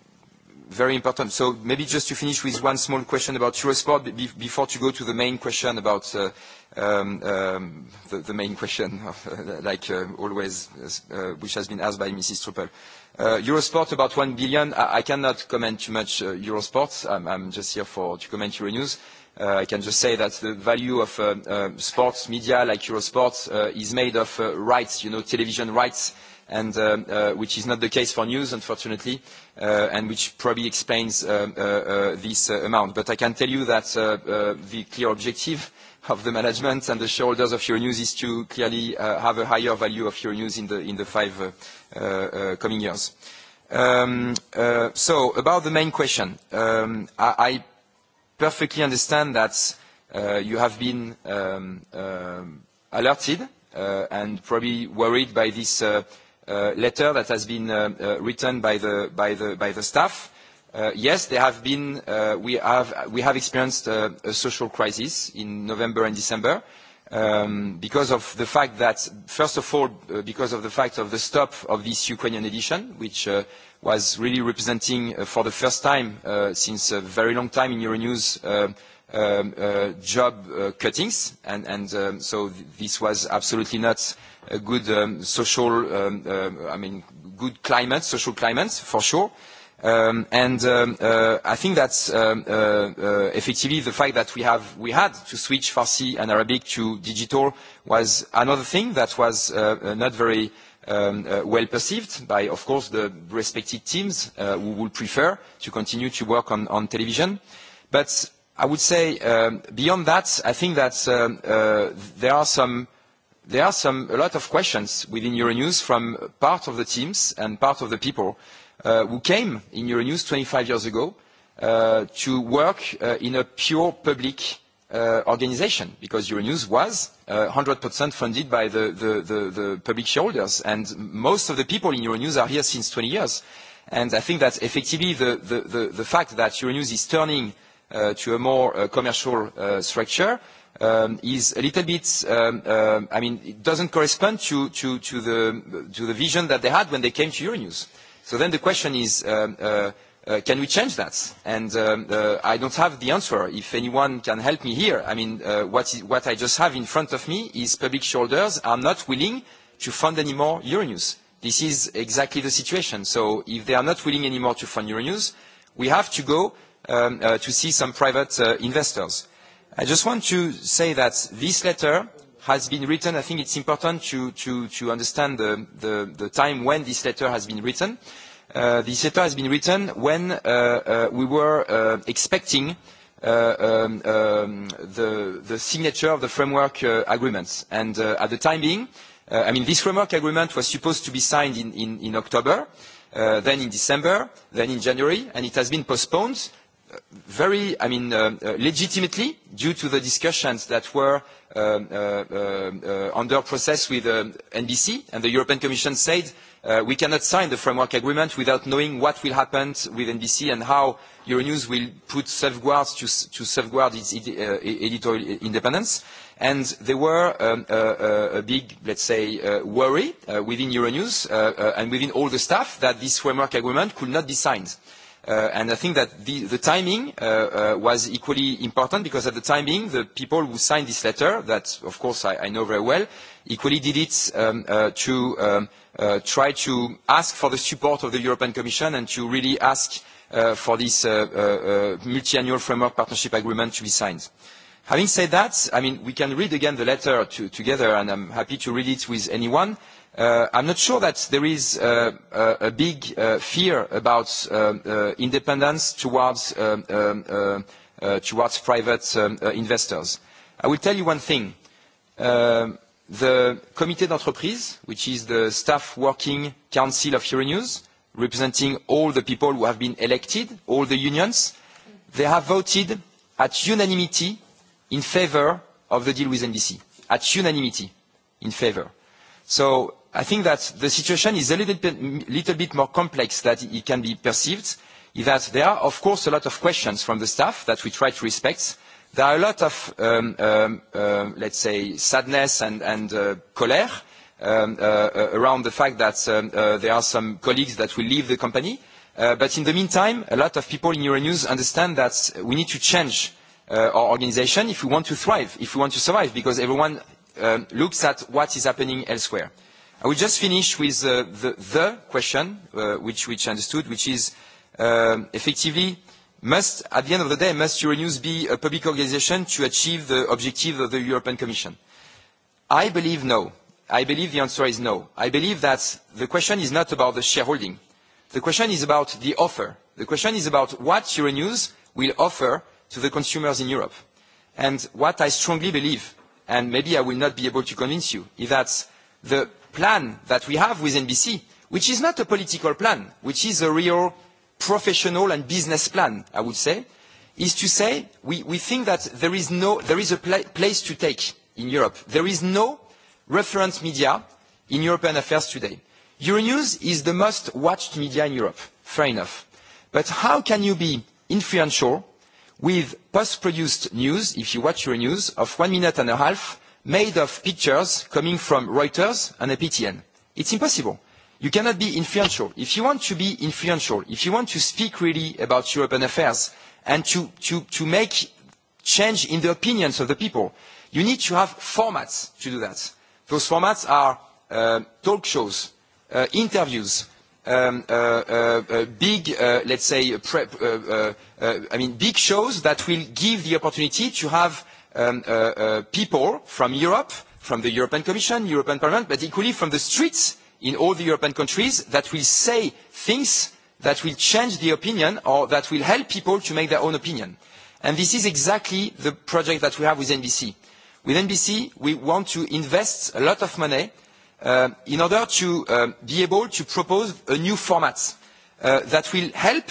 very important. So maybe just to finish with one small question about Eurosport be before to go to the main question about uh, um, um, the, the main question, (laughs) like uh, always, uh, which has been asked by Mrs. Truppel. Uh, Eurosport, about 1 billion. I, I cannot comment too much uh, Eurosport. I'm, I'm just here for, to comment Euronews. Uh, I can just say that the value of uh, uh, sports media like Eurosports uh, is made of uh, rights, you know, television rights, and uh, uh, which is not the case for news, unfortunately, uh, and which probably explains uh, uh, uh, this uh, amount. But I can tell you that uh, uh, the clear objective of the management and the shareholders of Euronews is to clearly uh, have a higher value of Euronews in the, in the five uh, uh, uh, coming years. Um, uh, so about the main question, um, I, I perfectly understand that uh, you have been um, um, alerted uh, and probably worried by this uh, uh, letter that has been uh, uh, written by the, by the, by the staff. Uh, yes, there have been, uh, we, have, we have experienced uh, a social crisis in November and December um, because of the fact that, first of all, uh, because of the fact of the stop of this Ukrainian edition, which uh, was really representing uh, for the first time uh, since a very long time in Euronews uh, um, uh, job uh, cuttings, and, and um, so th this was absolutely not a good um, social, um, uh, I mean, good climate, social climate for sure. Uh, Um, and um, uh, I think that's um, uh, uh, effectively the fact that we, have, we had to switch Farsi and Arabic to digital was another thing that was uh, uh not very um, uh, well perceived by, of course, the respected teams uh, who would prefer to continue to work on, on television. But I would say um, beyond that, I think that um, uh, there are some there are some a lot of questions within Euronews from part of the teams and part of the people Uh, who came in Euronews 25 years ago uh, to work uh, in a pure public uh, organization because Euronews was uh, 100% funded by the, the, the, the public shareholders and most of the people in Euronews are here since 20 years. And I think that effectively the, the, the, the fact that Euronews is turning uh, to a more uh, commercial uh, structure um, is a little bit, um, uh, I mean, it doesn't correspond to, to, to, the, to the vision that they had when they came to Euronews. So then the question is, um, uh, uh, can we change that? And um, uh, I don't have the answer. If anyone can help me here, I mean, uh, what, is, what I just have in front of me is public shoulders are not willing to fund anymore Euronews. This is exactly the situation. So if they are not willing anymore to fund Euronews, we have to go um, uh, to see some private uh, investors. I just want to say that this letter has been written, I think it's important to, to, to understand the, the, the time when this letter has been written. Uh, this letter has been written when uh, uh, we were uh, expecting uh, um, um, the, the signature of the framework uh, agreements. And uh, at the time being, uh, I mean, this framework agreement was supposed to be signed in, in, in October, uh, then in December, then in January, and it has been postponed very, I mean, uh, uh, legitimately, due to the discussions that were uh, uh, uh, under process with uh, NBC, and the European Commission said uh, we cannot sign the framework agreement without knowing what will happen with NBC and how Euronews will put safeguards to, to safeguard its ed uh, e-, editorial independence. And there were um, uh, uh, a big, let's say, uh, worry uh, within Euronews uh, uh, and within all the staff that this framework agreement could not be signed Uh, and I think that the, the timing uh, uh, was equally important because at the timing, the people who signed this letter, that of course I, I know very well, equally did it um, uh, to um, uh, try to ask for the support of the European Commission and to really ask uh, for this uh, uh, uh, multi-annual framework partnership agreement to be signed. Having said that, I mean, we can read again the letter to, together and I'm happy to read it with anyone. Uh, Uh, I am not sure that there is uh, uh, a big fear about independence towards, um, um, private um, investors. I will tell you one thing. The comit d'entreprise, which is the staff working council of Euronews, representing all the people who have been elected, all the unions, they have voted at unanimity in favour of the deal with NBC. At unanimity in favour. So i think that the situation is a little bit, little bit more complex than it can be perceived, in that there are, of course, a lot of questions from the staff that we try to respect. There are a lot of, um, um, uh, let's say, sadness and, and uh, colère um, uh, uh, around the fact that um, uh, there are some colleagues that will leave the company. Uh, but in the meantime, a lot of people in Euronews understand that we need to change uh, our organization if we want to thrive, if we want to survive, because everyone um, looks at what is happening elsewhere. I will just finish with uh, the, the question, uh, which, which I understood, which is um, effectively, must, at the end of the day, must Euronews be a public organization to achieve the objective of the European Commission? I believe no. I believe the answer is no. I believe that the question is not about the shareholding. The question is about the offer. The question is about what Euronews will offer to the consumers in Europe. And what I strongly believe, and maybe I will not be able to convince you, is that the plan that we have with NBC, which is not a political plan, which is a real professional and business plan, I would say, is to say we, we think that there is, no, there is a place to take in Europe. There is no reference media in European affairs today. Euronews is the most watched media in Europe, fair enough. But how can you be influential with post-produced news, if you watch Euronews, of one minute and a half, made of pictures coming from Reuters and APTN. It's impossible. You cannot be influential. If you want to be influential, if you want to speak really about European affairs and to, to, to make change in the opinions of the people, you need to have formats to do that. Those formats are uh, talk shows, uh, interviews, um, uh, uh, uh, big, uh, let's say, prep, uh, uh, uh, I mean, big shows that will give the opportunity to have um, uh, uh, people from Europe, from the European Commission, European Parliament, but equally from the streets in all the European countries that will say things that will change the opinion or that will help people to make their own opinion. And this is exactly the project that we have with NBC. With NBC, we want to invest a lot of money uh, in order to uh, be able to propose a new format uh, that will help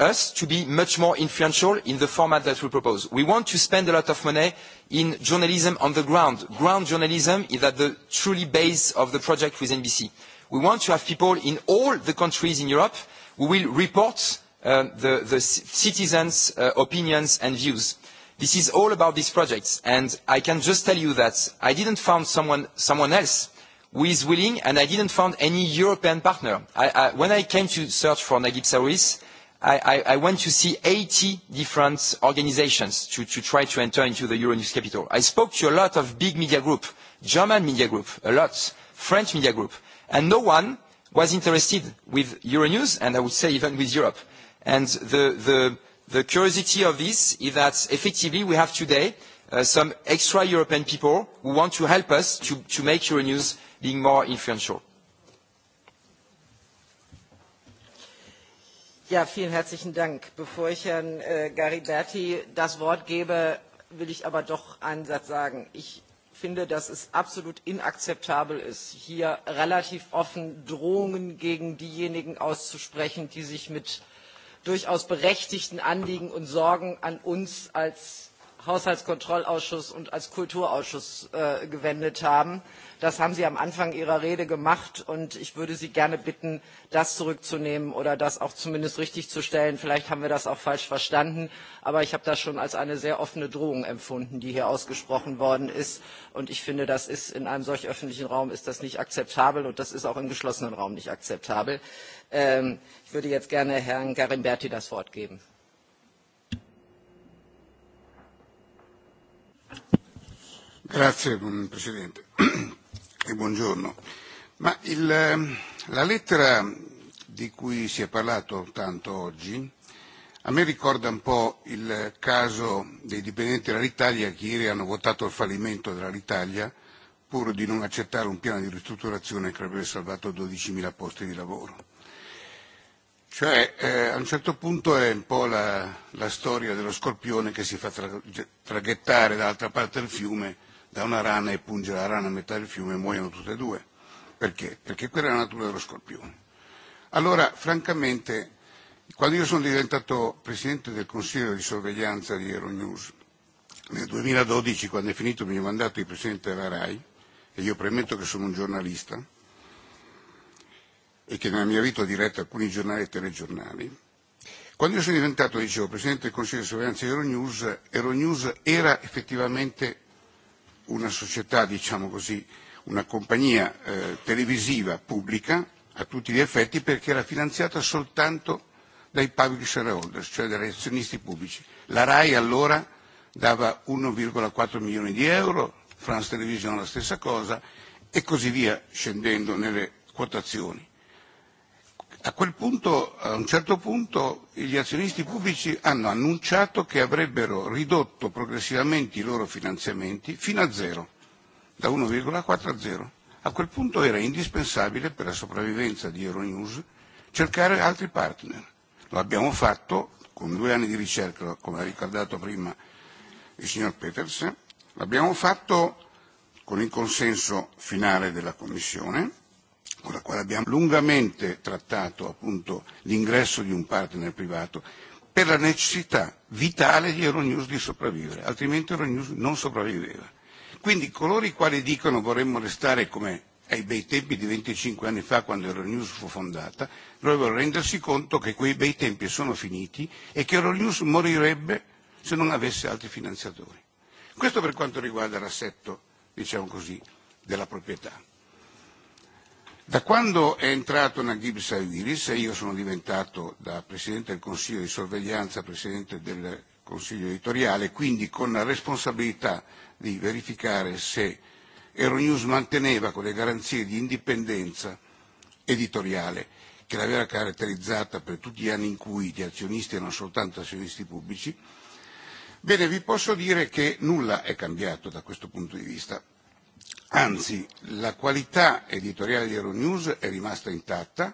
us to be much more influential in the format that we propose. We want to spend a lot of money in journalism on the ground. Ground journalism is at the truly base of the project with NBC. We want to have people in all the countries in Europe who will report um, the, the citizens' uh, opinions and views. This is all about these projects, and I can just tell you that I didn't find someone, someone else who is willing, and I didn't find any European partner. I, I, when I came to search for Nagib Sawiris, i, I, I went to see 80 different organizations to, to try to enter into the Euronews capital. I spoke to a lot of big media group, German media group, a lot, French media group, and no one was interested with Euronews, and I would say even with Europe. And the, the, the curiosity of this is that effectively we have today uh, some extra European people who want to help us to, to make Euronews being more influential. Ja, vielen herzlichen Dank. Bevor ich Herrn äh, Gariberti das Wort gebe, will ich aber doch einen Satz sagen. Ich finde, dass es absolut inakzeptabel ist, hier relativ offen Drohungen gegen diejenigen auszusprechen, die sich mit durchaus berechtigten Anliegen und Sorgen an uns als haushaltskontrollausschuss und als kulturausschuss äh, gewendet haben. das haben sie am anfang ihrer rede gemacht und ich würde sie gerne bitten das zurückzunehmen oder das auch zumindest richtigzustellen. vielleicht haben wir das auch falsch verstanden aber ich habe das schon als eine sehr offene drohung empfunden die hier ausgesprochen worden ist und ich finde das ist in einem solch öffentlichen raum ist das nicht akzeptabel und das ist auch im geschlossenen raum nicht akzeptabel. Ähm, ich würde jetzt gerne herrn garimberti das wort geben. Grazie Presidente onorevoli buongiorno. Ma ehm, la lettera di cui si è parlato tanto oggi a me ricorda un po' il caso dei dipendenti dell'Italia che ieri hanno votato il fallimento dell'alitalia pur di non accettare un piano di ristrutturazione che avrebbe salvato 12.000 posti di lavoro. Cioè, eh, a un certo punto è un po' la, la storia dello scorpione che si fa tra, traghettare dall'altra parte del fiume da una rana e punge la rana a metà del fiume e muoiono tutte e due. Perché? Perché quella è la natura dello scorpione. Allora, francamente, quando io sono diventato presidente del consiglio di sorveglianza di Euronews, nel 2012, quando è finito il mio mandato di presidente della RAI, e io premetto che sono un giornalista, e che nella mia vita ho diretto alcuni giornali e telegiornali, quando io sono diventato, dicevo, presidente del Consiglio di sorveglianza di Euronews, Euronews era effettivamente una società, diciamo così, una compagnia eh, televisiva pubblica a tutti gli effetti perché era finanziata soltanto dai public shareholders, cioè dagli azionisti pubblici. La RAI allora dava 1,4 milioni di euro, France Television la stessa cosa e così via scendendo nelle quotazioni. A quel punto, a un certo punto, gli azionisti pubblici hanno annunciato che avrebbero ridotto progressivamente i loro finanziamenti fino a zero, da 1,4 a zero. A quel punto era indispensabile per la sopravvivenza di Euronews cercare altri partner. Lo abbiamo fatto con due anni di ricerca, come ha ricordato prima il signor Petersen, l'abbiamo fatto con il consenso finale della Commissione con la quale abbiamo lungamente trattato appunto l'ingresso di un partner privato, per la necessità vitale di Euronews di sopravvivere, altrimenti Euronews non sopravviveva. Quindi coloro i quali dicono vorremmo restare come ai bei tempi di 25 anni fa quando Euronews fu fondata, dovrebbero rendersi conto che quei bei tempi sono finiti e che Euronews morirebbe se non avesse altri finanziatori. Questo per quanto riguarda l'assetto, diciamo così, della proprietà. Da quando è entrato Naguib Saidiris, e io sono diventato da Presidente del Consiglio di sorveglianza Presidente del Consiglio editoriale, quindi con la responsabilità di verificare se Euronews manteneva quelle garanzie di indipendenza editoriale che l'aveva caratterizzata per tutti gli anni in cui gli azionisti erano soltanto azionisti pubblici, bene, vi posso dire che nulla è cambiato da questo punto di vista Anzi, la qualità editoriale di Euronews è rimasta intatta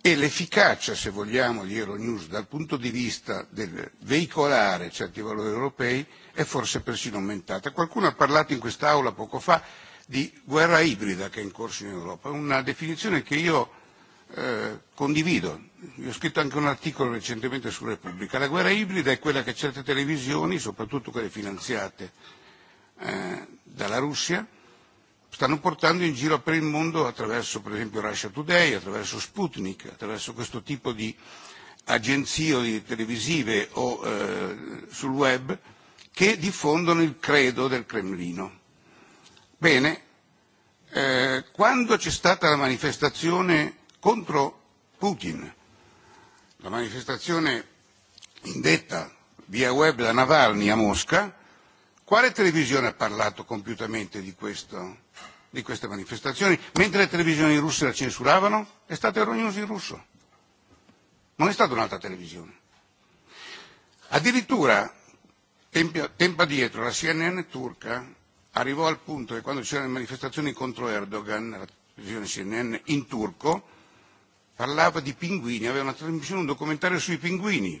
e l'efficacia, se vogliamo, di Euronews dal punto di vista del veicolare certi valori europei è forse persino aumentata. Qualcuno ha parlato in quest'Aula poco fa di guerra ibrida che è in corso in Europa, una definizione che io eh, condivido. Io ho scritto anche un articolo recentemente su Repubblica. La guerra ibrida è quella che certe televisioni, soprattutto quelle finanziate eh, dalla Russia, stanno portando in giro per il mondo attraverso per esempio Russia Today, attraverso Sputnik, attraverso questo tipo di agenzie televisive o eh, sul web che diffondono il credo del Cremlino. Bene, eh, quando c'è stata la manifestazione contro Putin, la manifestazione indetta via web da Navalny a Mosca, quale televisione ha parlato compiutamente di questo? di queste manifestazioni, mentre le televisioni russe la censuravano, è stato Euronews in russo. Non è stata un'altra televisione. Addirittura, tempi, tempo addietro, la CNN turca arrivò al punto che quando c'erano le manifestazioni contro Erdogan, la televisione CNN in turco, parlava di pinguini, aveva una trasmissione, un documentario sui pinguini.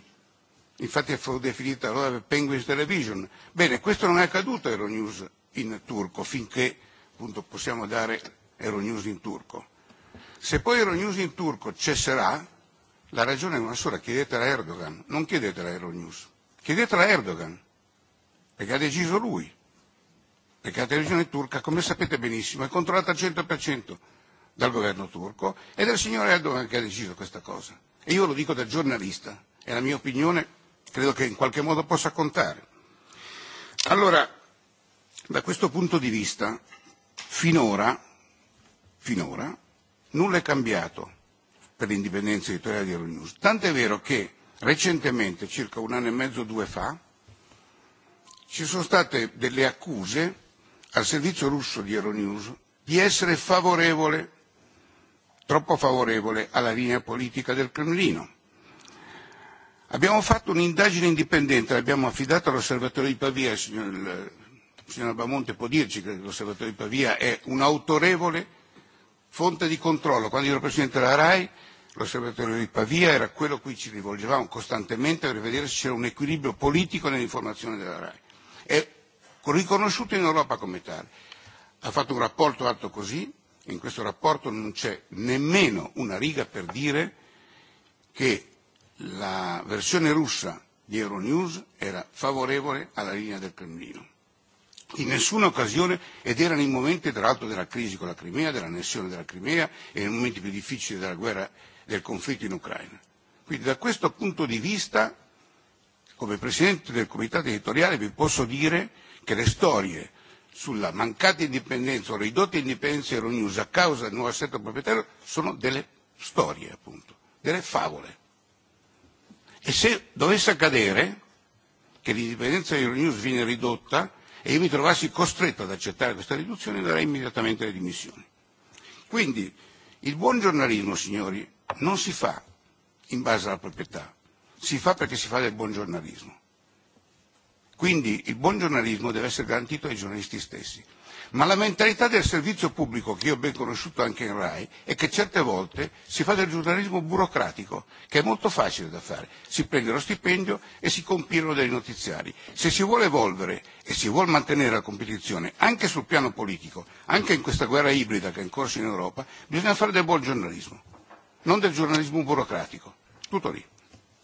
Infatti fu definita allora Penguins Television. Bene, questo non è accaduto a Euronews in turco finché punto possiamo dare Euronews in turco. Se poi Euronews in turco cesserà, la ragione è una sola, chiedetela a Erdogan, non chiedetela a Euronews, chiedetela a Erdogan, perché ha deciso lui, perché la televisione turca, come sapete benissimo, è controllata al 100% dal governo turco ed è il signor Erdogan che ha deciso questa cosa. E io lo dico da giornalista, e la mia opinione credo che in qualche modo possa contare. Allora, da questo punto di vista, Finora, finora nulla è cambiato per l'indipendenza editoriale di Euronews, tant'è vero che recentemente, circa un anno e mezzo o due fa, ci sono state delle accuse al servizio russo di Euronews di essere favorevole, troppo favorevole, alla linea politica del Cremlino. Abbiamo fatto un'indagine indipendente, l'abbiamo affidata all'osservatorio di Pavia, il signora Bamonte può dirci che l'osservatorio di Pavia è un'autorevole fonte di controllo. Quando io ero Presidente della RAI l'osservatorio di Pavia era quello a cui ci rivolgevamo costantemente per vedere se c'era un equilibrio politico nell'informazione della RAI. È riconosciuto in Europa come tale. Ha fatto un rapporto alto così, in questo rapporto non c'è nemmeno una riga per dire che la versione russa di Euronews era favorevole alla linea del Cremlino in nessuna occasione ed erano i momenti tra l'altro della crisi con la Crimea, dell'annessione della Crimea e i momenti più difficili della guerra, del conflitto in Ucraina. Quindi da questo punto di vista, come Presidente del Comitato editoriale, vi posso dire che le storie sulla mancata indipendenza o ridotta indipendenza di Euronews a causa del nuovo assetto proprietario sono delle storie, appunto, delle favole. E se dovesse accadere che l'indipendenza di Euronews viene ridotta, e io mi trovassi costretto ad accettare questa riduzione e darei immediatamente le dimissioni. Quindi il buon giornalismo, signori, non si fa in base alla proprietà, si fa perché si fa del buon giornalismo. Quindi il buon giornalismo deve essere garantito ai giornalisti stessi ma la mentalità del servizio pubblico, che io ho ben conosciuto anche in RAI, è che certe volte si fa del giornalismo burocratico, che è molto facile da fare. Si prende lo stipendio e si compilano dei notiziari. Se si vuole evolvere e si vuole mantenere la competizione, anche sul piano politico, anche in questa guerra ibrida che è in corso in Europa, bisogna fare del buon giornalismo, non del giornalismo burocratico. Tutto lì.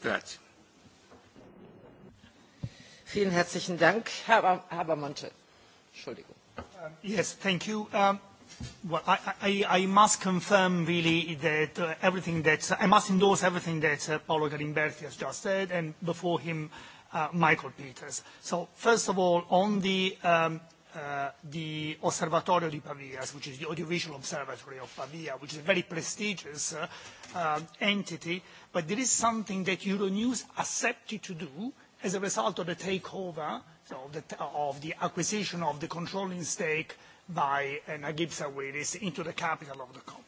Grazie. Vielen herzlichen Dank, Herr Habermann. Entschuldigung. Um, yes, thank you. Um, well, I, I, I must confirm really that uh, everything that I must endorse everything that uh, Paolo Galimberti has just said, and before him, uh, Michael Peters. So first of all, on um, the Osservatorio di Pavia, which is the Audiovisual Observatory of Pavia, which is a very prestigious entity, but there is something that Euronews accepted to do as a result of the takeover of the, of the acquisition of the controlling stake by uh, Nagibsa Willis into the capital of the company.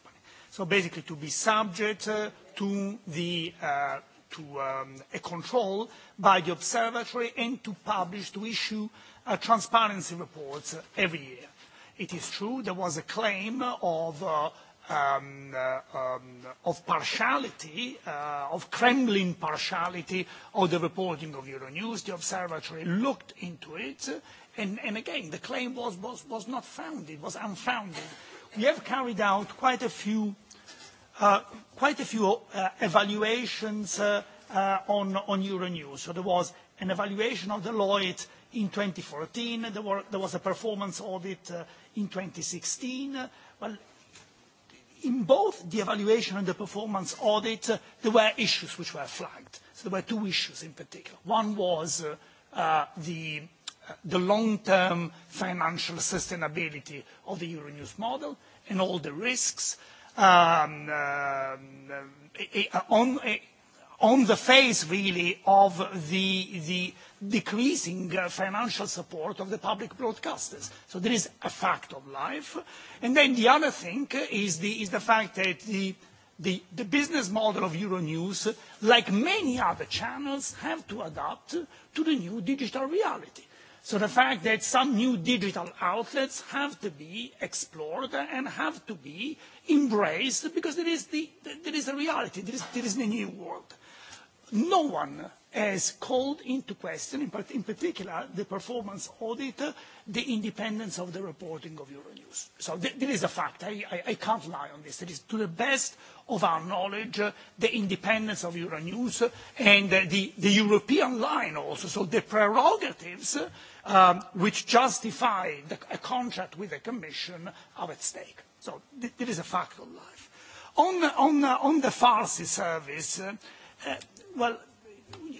So basically to be subject uh, to, uh, um, a control by the observatory and to publish, to issue transparency reports every year. It is true there was a claim of um, uh, um, of partiality, uh, of Kremlin partiality of the reporting of Euronews. The observatory looked into it, and, and again, the claim was, was, was not founded, was unfounded. We have carried out quite a few, uh, quite a few uh, evaluations uh, uh, on, on Euronews. So there was an evaluation of Deloitte in 2014, there, were, there was a performance audit uh, in 2016. Well, in both the evaluation and the performance audit, uh, there were issues which were flagged. So there were two issues in particular. One was uh, uh, the, uh, the long-term financial sustainability of the Euronews model and all the risks um, um, um uh, on, on the face, really, of the, the decreasing uh, financial support of the public broadcasters. So there is a fact of life. And then the other thing is the, is the fact that the, the, the business model of Euronews, like many other channels, have to adapt to the new digital reality. So the fact that some new digital outlets have to be explored and have to be embraced because there is, the, there is a reality, there is, there is a new world no one has called into question, in, particular, the performance audit, the independence of the reporting of Euronews. So there is a fact. I, I, can't lie on this. It is to the best of our knowledge, the independence of Euronews and the, the European line also, so the prerogatives um, which justify the, a contract with the Commission are at stake. So there is a fact of life. On, on, on the Farsi service, uh, well,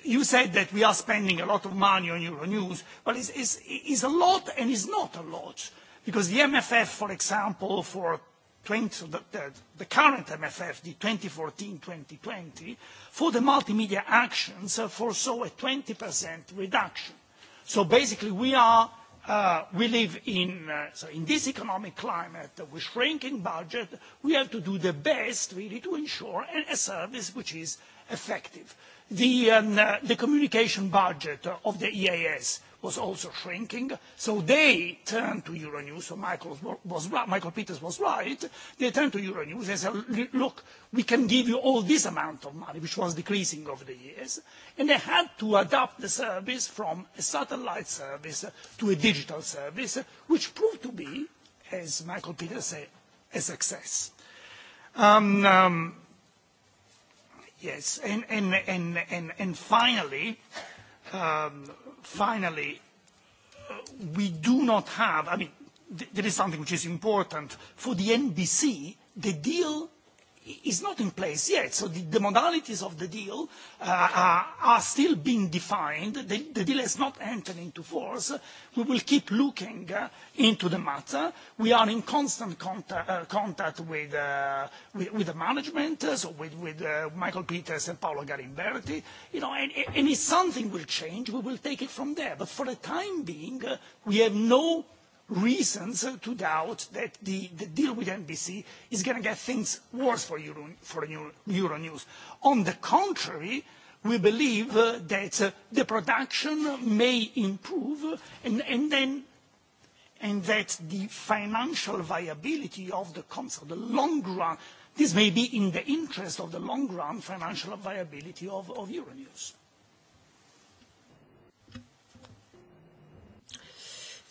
you said that we are spending a lot of money on Euronews, but it's, it's, it's a lot and it's not a lot. Because the MFF, for example, for 20, the, the, the current MFF, the 2014-2020, for the multimedia actions uh, foresaw a 20% reduction. So basically we are, uh, we live in, uh, so in this economic climate uh, with shrinking budget, we have to do the best really to ensure a, a service which is effective. Um, uh, the, communication budget of the EAS was also shrinking, so they turned to Euronews. So Michael, Peters was right. They turned to Euronews and said, "Look, we can give you all this amount of money," which was decreasing over the years. and They had to adapt the service from a satellite service to a digital service, which proved to be, as Michael Peters said, a success. Um, um, Yes. and and and and and Finally, um, finally, uh, we do not have. I mean, th there is something which is important. For the NBC, the deal is not in place yet. So the, the modalities of the deal uh, are, are still being defined. The, the deal has not entered into force. We will keep looking uh, into the matter. We are in constant contact, uh, contact with, uh, with, with the management, uh, so with, with uh, Michael Peters and Paolo Garimberti. You know, and, and if something will change, we will take it from there. But for the time being, uh, we have no reasons to doubt that the, the deal with NBC is going to get things worse for, Euro, for Euronews. On the contrary, we believe uh, that uh, the production may improve and, and, then, and that the financial viability of the concept, the long run, this may be in the interest of the long run financial viability of, of Euronews.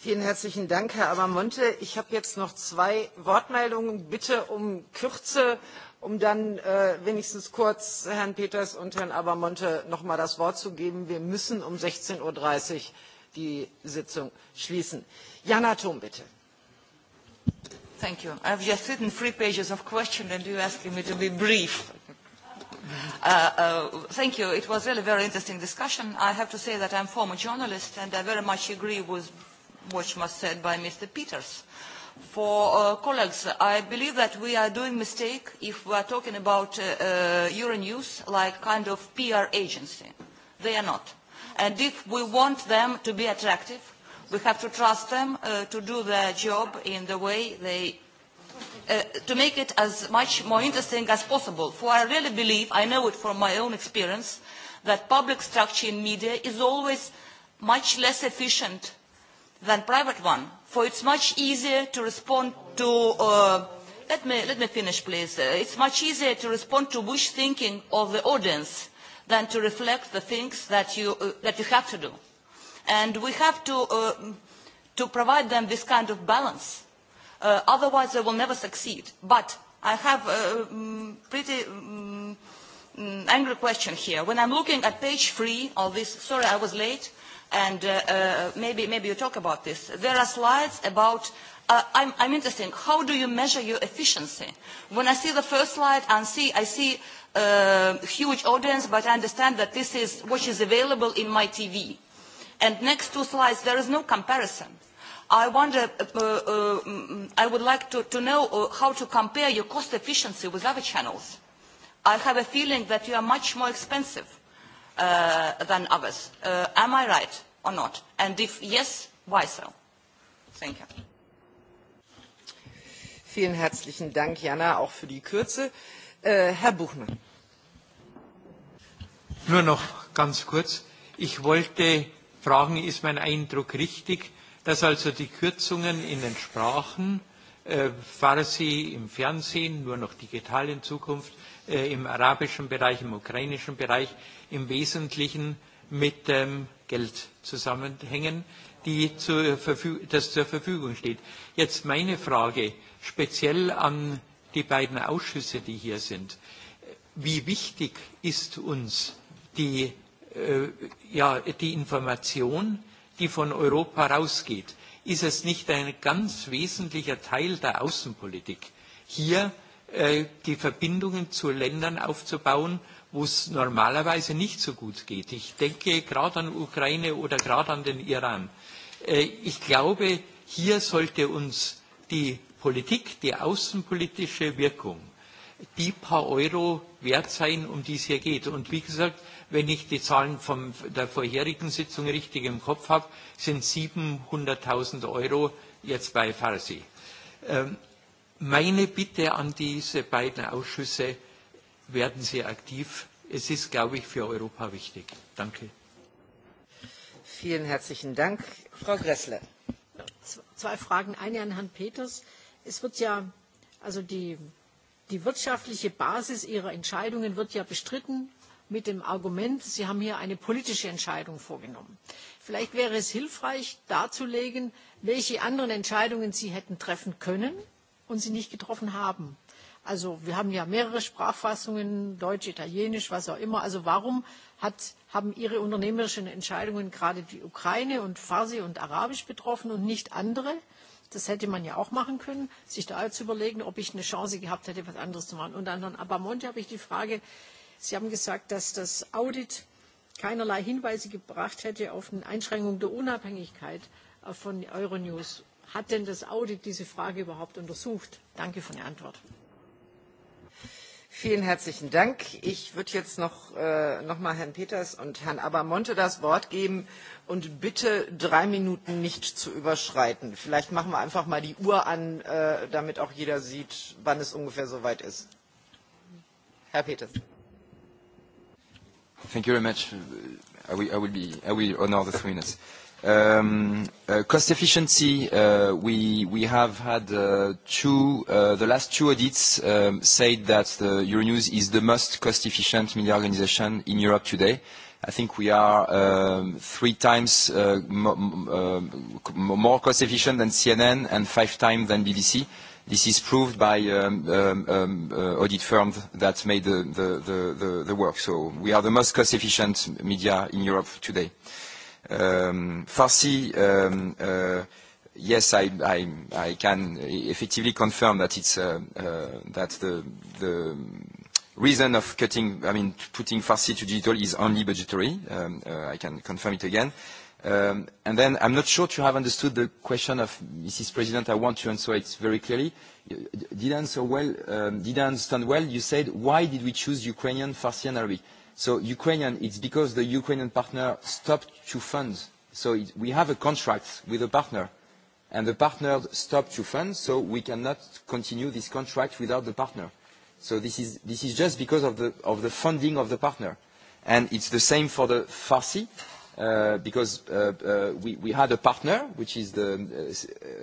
Vielen herzlichen Dank, Herr Abamonte. Ich habe jetzt noch zwei Wortmeldungen. Bitte um Kürze, um dann äh, wenigstens kurz Herrn Peters und Herrn Abamonte noch mal das Wort zu geben. Wir müssen um 16.30 Uhr die Sitzung schließen. Jana Thom, bitte. Thank you. have just written three pages of questions and you asking me to be brief. Uh, uh, thank you. It was really a very interesting discussion. I have to say that I'm a former journalist and I very much agree with which was said by Mr. Peters. For uh, colleagues, I believe that we are doing mistake if we are talking about uh, uh, Euronews like kind of PR agency. They are not. And if we want them to be attractive, we have to trust them uh, to do their job in the way they uh, to make it as much more interesting as possible. For I really believe, I know it from my own experience, that public structure in media is always much less efficient than private one, for it's much easier to respond to, uh, let, me, let me finish please, uh, it's much easier to respond to wish thinking of the audience than to reflect the things that you, uh, that you have to do. And we have to, uh, to provide them this kind of balance, uh, otherwise they will never succeed. But I have a mm, pretty um, angry question here. When I'm looking at page three of this, sorry I was late, and uh, uh, maybe, maybe you talk about this. There are slides about uh, I'm, I'm interested. How do you measure your efficiency? When I see the first slide and see, I see a uh, huge audience, but I understand that this is what is available in my TV. And next two slides, there is no comparison. I wonder, uh, uh, uh, I would like to, to know uh, how to compare your cost efficiency with other channels. I have a feeling that you are much more expensive uh, than others. Uh, am I right or not? And if yes, why so? Thank you. Vielen herzlichen Dank, Jana, auch für die Kürze. Äh, Herr Buchmann. Nur noch ganz kurz. Ich wollte fragen, ist mein Eindruck richtig, dass also die Kürzungen in den Sprachen, äh, Farsi im Fernsehen, nur noch digital in Zukunft, Äh, im arabischen Bereich, im ukrainischen Bereich im Wesentlichen mit ähm, Geld zusammenhängen, die zur das zur Verfügung steht. Jetzt meine Frage speziell an die beiden Ausschüsse, die hier sind. Wie wichtig ist uns die, äh, ja, die Information, die von Europa rausgeht? Ist es nicht ein ganz wesentlicher Teil der Außenpolitik, hier Äh, die Verbindungen zu Ländern aufzubauen, wo es normalerweise nicht so gut geht. Ich denke gerade an Ukraine oder gerade an den Iran. Äh, ich glaube, hier sollte uns die Politik, die außenpolitische Wirkung, die paar Euro wert sein, um die es hier geht. Und wie gesagt, wenn ich die Zahlen von der vorherigen Sitzung richtig im Kopf habe, sind 700.000 Euro jetzt bei Farsi. Ähm, Meine Bitte an diese beiden Ausschüsse, werden Sie aktiv. Es ist, glaube ich, für Europa wichtig. Danke. Vielen herzlichen Dank. Frau Gressle. Zwei Fragen. Eine an Herrn Peters. Es wird ja, also die, die wirtschaftliche Basis Ihrer Entscheidungen wird ja bestritten mit dem Argument, Sie haben hier eine politische Entscheidung vorgenommen. Vielleicht wäre es hilfreich, darzulegen, welche anderen Entscheidungen Sie hätten treffen können und sie nicht getroffen haben. Also wir haben ja mehrere Sprachfassungen, Deutsch, Italienisch, was auch immer. Also warum hat, haben Ihre unternehmerischen Entscheidungen gerade die Ukraine und Farsi und Arabisch betroffen und nicht andere? Das hätte man ja auch machen können, sich da zu überlegen, ob ich eine Chance gehabt hätte, etwas anderes zu machen. Und an Herrn Abamonte habe ich die Frage, Sie haben gesagt, dass das Audit keinerlei Hinweise gebracht hätte auf eine Einschränkung der Unabhängigkeit von Euronews hat denn das audit diese frage überhaupt untersucht? danke für eine antwort. Vielen herzlichen Dank. Ich würde jetzt noch, äh, noch mal Herrn Peters und Herrn Abamonte das Wort geben und bitte drei Minuten nicht zu überschreiten. Vielleicht machen wir einfach mal die Uhr an, äh, damit auch jeder sieht, wann es ungefähr soweit ist. Herr Peters. Thank you very much. I will, I will, be, I will honor the three minutes. Um, uh, cost efficiency, uh, we, we have had uh, two, the last two audits um, said that Euronews is the most cost-efficient media organization in Europe today. I think we are um, three times more cost efficient than CNN and five times than BBC. This is proved by audit firms that made the, the work. So we are the most cost-efficient media in Europe today. Um, Farsi, um, uh, yes, I, I, I can effectively confirm that it's uh, uh, that the, the reason of cutting, I mean, putting Farsi to digital is only budgetary. Um, uh, I can confirm it again. Um, and then I'm not sure to have understood the question of Mrs. President. I want to answer it very clearly. Did I answer well? Um, did I understand well? You said, why did we choose Ukrainian, Farsi, and Arabic? So Ukrainian, it's because the Ukrainian partner stopped to fund. So we have a contract with a partner, and the partner stopped to fund, so we cannot continue this contract without the partner. So this is, this is just because of the, of the funding of the partner. And it's the same for the Farsi, uh, because uh, uh, we, we had a partner, which is the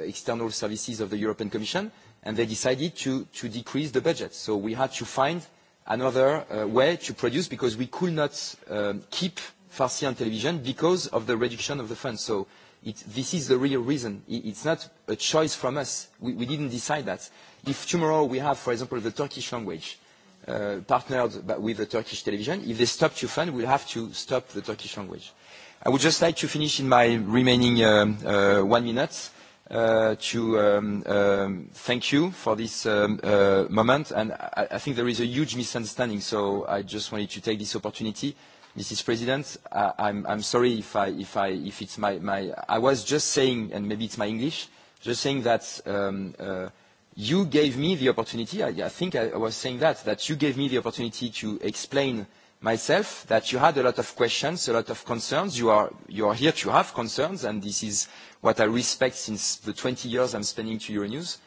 external services of the European Commission, and they decided to, to decrease the budget. So we had to find – another uh, way to produce because we could not um, keep Farsi on television because of the reduction of the funds. So this is the real reason. It, it's not a choice from us. We, didn't decide that. If tomorrow we have, for example, the Turkish language uh, partnered with the Turkish television, if they stop to fund, we'll have to stop the Turkish language. I would just like to finish in my remaining um, uh, one minute uh, to um, um, thank you for this um, uh, moment. And I, I think there is a huge misunderstanding, so I just wanted to take this opportunity. Mrs. President, I, I'm, I'm sorry if, I, if, I, if it's my, my... I was just saying, and maybe it's my English, just saying that um, uh, you gave me the opportunity, I, I think I was saying that, that you gave me the opportunity to explain myself that you had a lot of questions, a lot of concerns. You are, you are here to have concerns, and this is what I respect since the 20 years I'm spending to Euronews.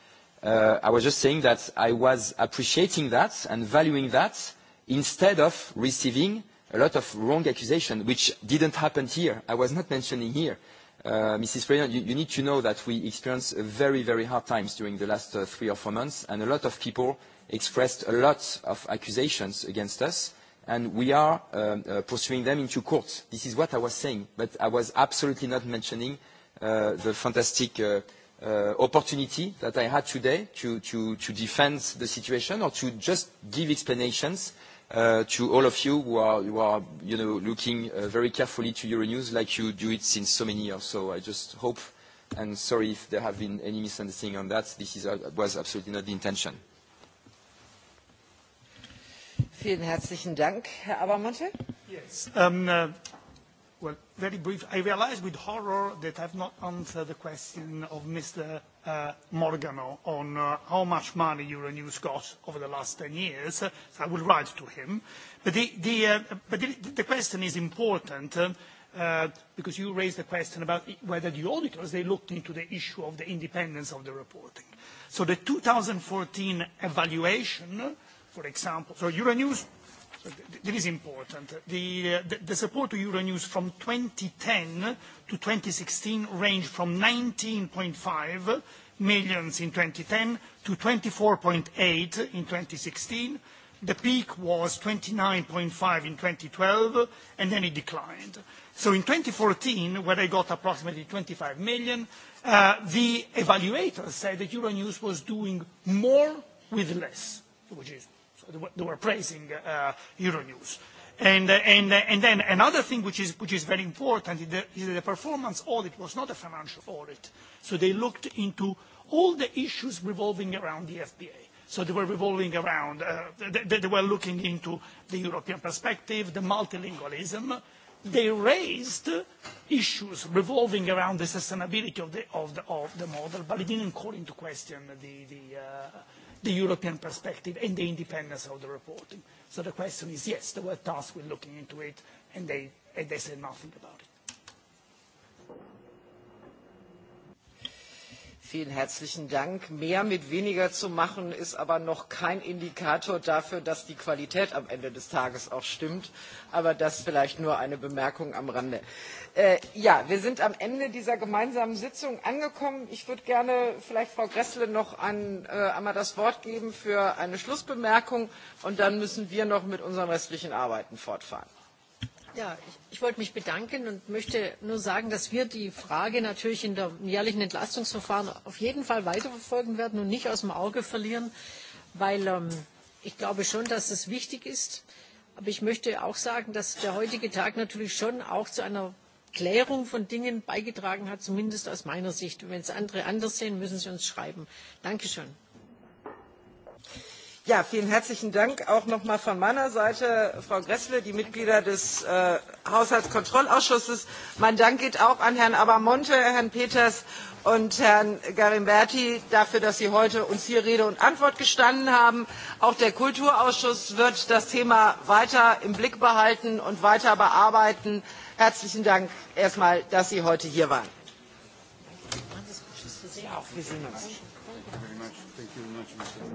Uh, I was just saying that I was appreciating that and valuing that instead of receiving a lot of wrong accusation, which didn't happen here. I was not mentioning here. Uh, Mrs. President, you, you need to know that we experienced very, very hard times during the last uh, three or four months, and a lot of people expressed a lot of accusations against us and we are um, uh, pursuing them into court. This is what I was saying, but I was absolutely not mentioning uh, the fantastic uh, uh, opportunity that I had today to, to, to defend the situation or to just give explanations uh, to all of you who are, who are you know, looking uh, very carefully to Euronews like you do it since so many years. So I just hope, and sorry if there have been any misunderstanding on that, this is, uh, was absolutely not the intention. Vielen herzlichen Dank. Herr Abermonte? Yes. Um, uh, well, very brief. I realise with horror that I have not answered the question of Mr. Uh, Morgano on uh, how much money Euronews got over the last ten years. So I will write to him. But the, the, uh, but the, question is important. Um, uh, because you raised the question about whether the auditors, they looked into the issue of the independence of the reporting. So the fourteen evaluation for example. So Euronews, so th this is important. The, uh, the, the support to Euronews from 2010 to 2016 ranged from 19.5 million in 2010 to 24.8 in 2016. The peak was 29.5 in 2012, and then it declined. So in 2014, where they got approximately 25 million, uh, the evaluators said that Euronews was doing more with less, which is they were praising uh, Euronews. And, uh, and, uh, and then another thing which is, which is very important is that is the performance audit was not a financial audit. So they looked into all the issues revolving around the FBA. So they were revolving around, uh, they, they were looking into the European perspective, the multilingualism. They raised issues revolving around the sustainability of the, of the, of the model, but it didn't call into question the, the, uh, the European perspective and the independence of the reporting. So the question is, yes, they were tasked with looking into it, and they, and they said nothing about it. Vielen herzlichen Dank. Mehr mit weniger zu machen, ist aber noch kein Indikator dafür, dass die Qualität am Ende des Tages auch stimmt. Aber das vielleicht nur eine Bemerkung am Rande. Äh, ja, wir sind am Ende dieser gemeinsamen Sitzung angekommen. Ich würde gerne vielleicht Frau Gressle noch äh, einmal das Wort geben für eine Schlussbemerkung. Und dann müssen wir noch mit unseren restlichen Arbeiten fortfahren. Ja, ich, ich wollte mich bedanken und möchte nur sagen, dass wir die Frage natürlich in dem jährlichen Entlastungsverfahren auf jeden Fall weiterverfolgen werden und nicht aus dem Auge verlieren, weil ähm, ich glaube schon, dass es wichtig ist. Aber ich möchte auch sagen, dass der heutige Tag natürlich schon auch zu einer Klärung von Dingen beigetragen hat, zumindest aus meiner Sicht. Und wenn es andere anders sehen, müssen sie uns schreiben. Dankeschön. Ja, vielen herzlichen Dank auch nochmal von meiner Seite, Frau Gressle, die Mitglieder des äh, Haushaltskontrollausschusses. Mein Dank geht auch an Herrn Abamonte, Herrn Peters und Herrn Garimberti dafür, dass Sie heute uns hier Rede und Antwort gestanden haben. Auch der Kulturausschuss wird das Thema weiter im Blick behalten und weiter bearbeiten. Herzlichen Dank erstmal, dass Sie heute hier waren. wir sehen uns.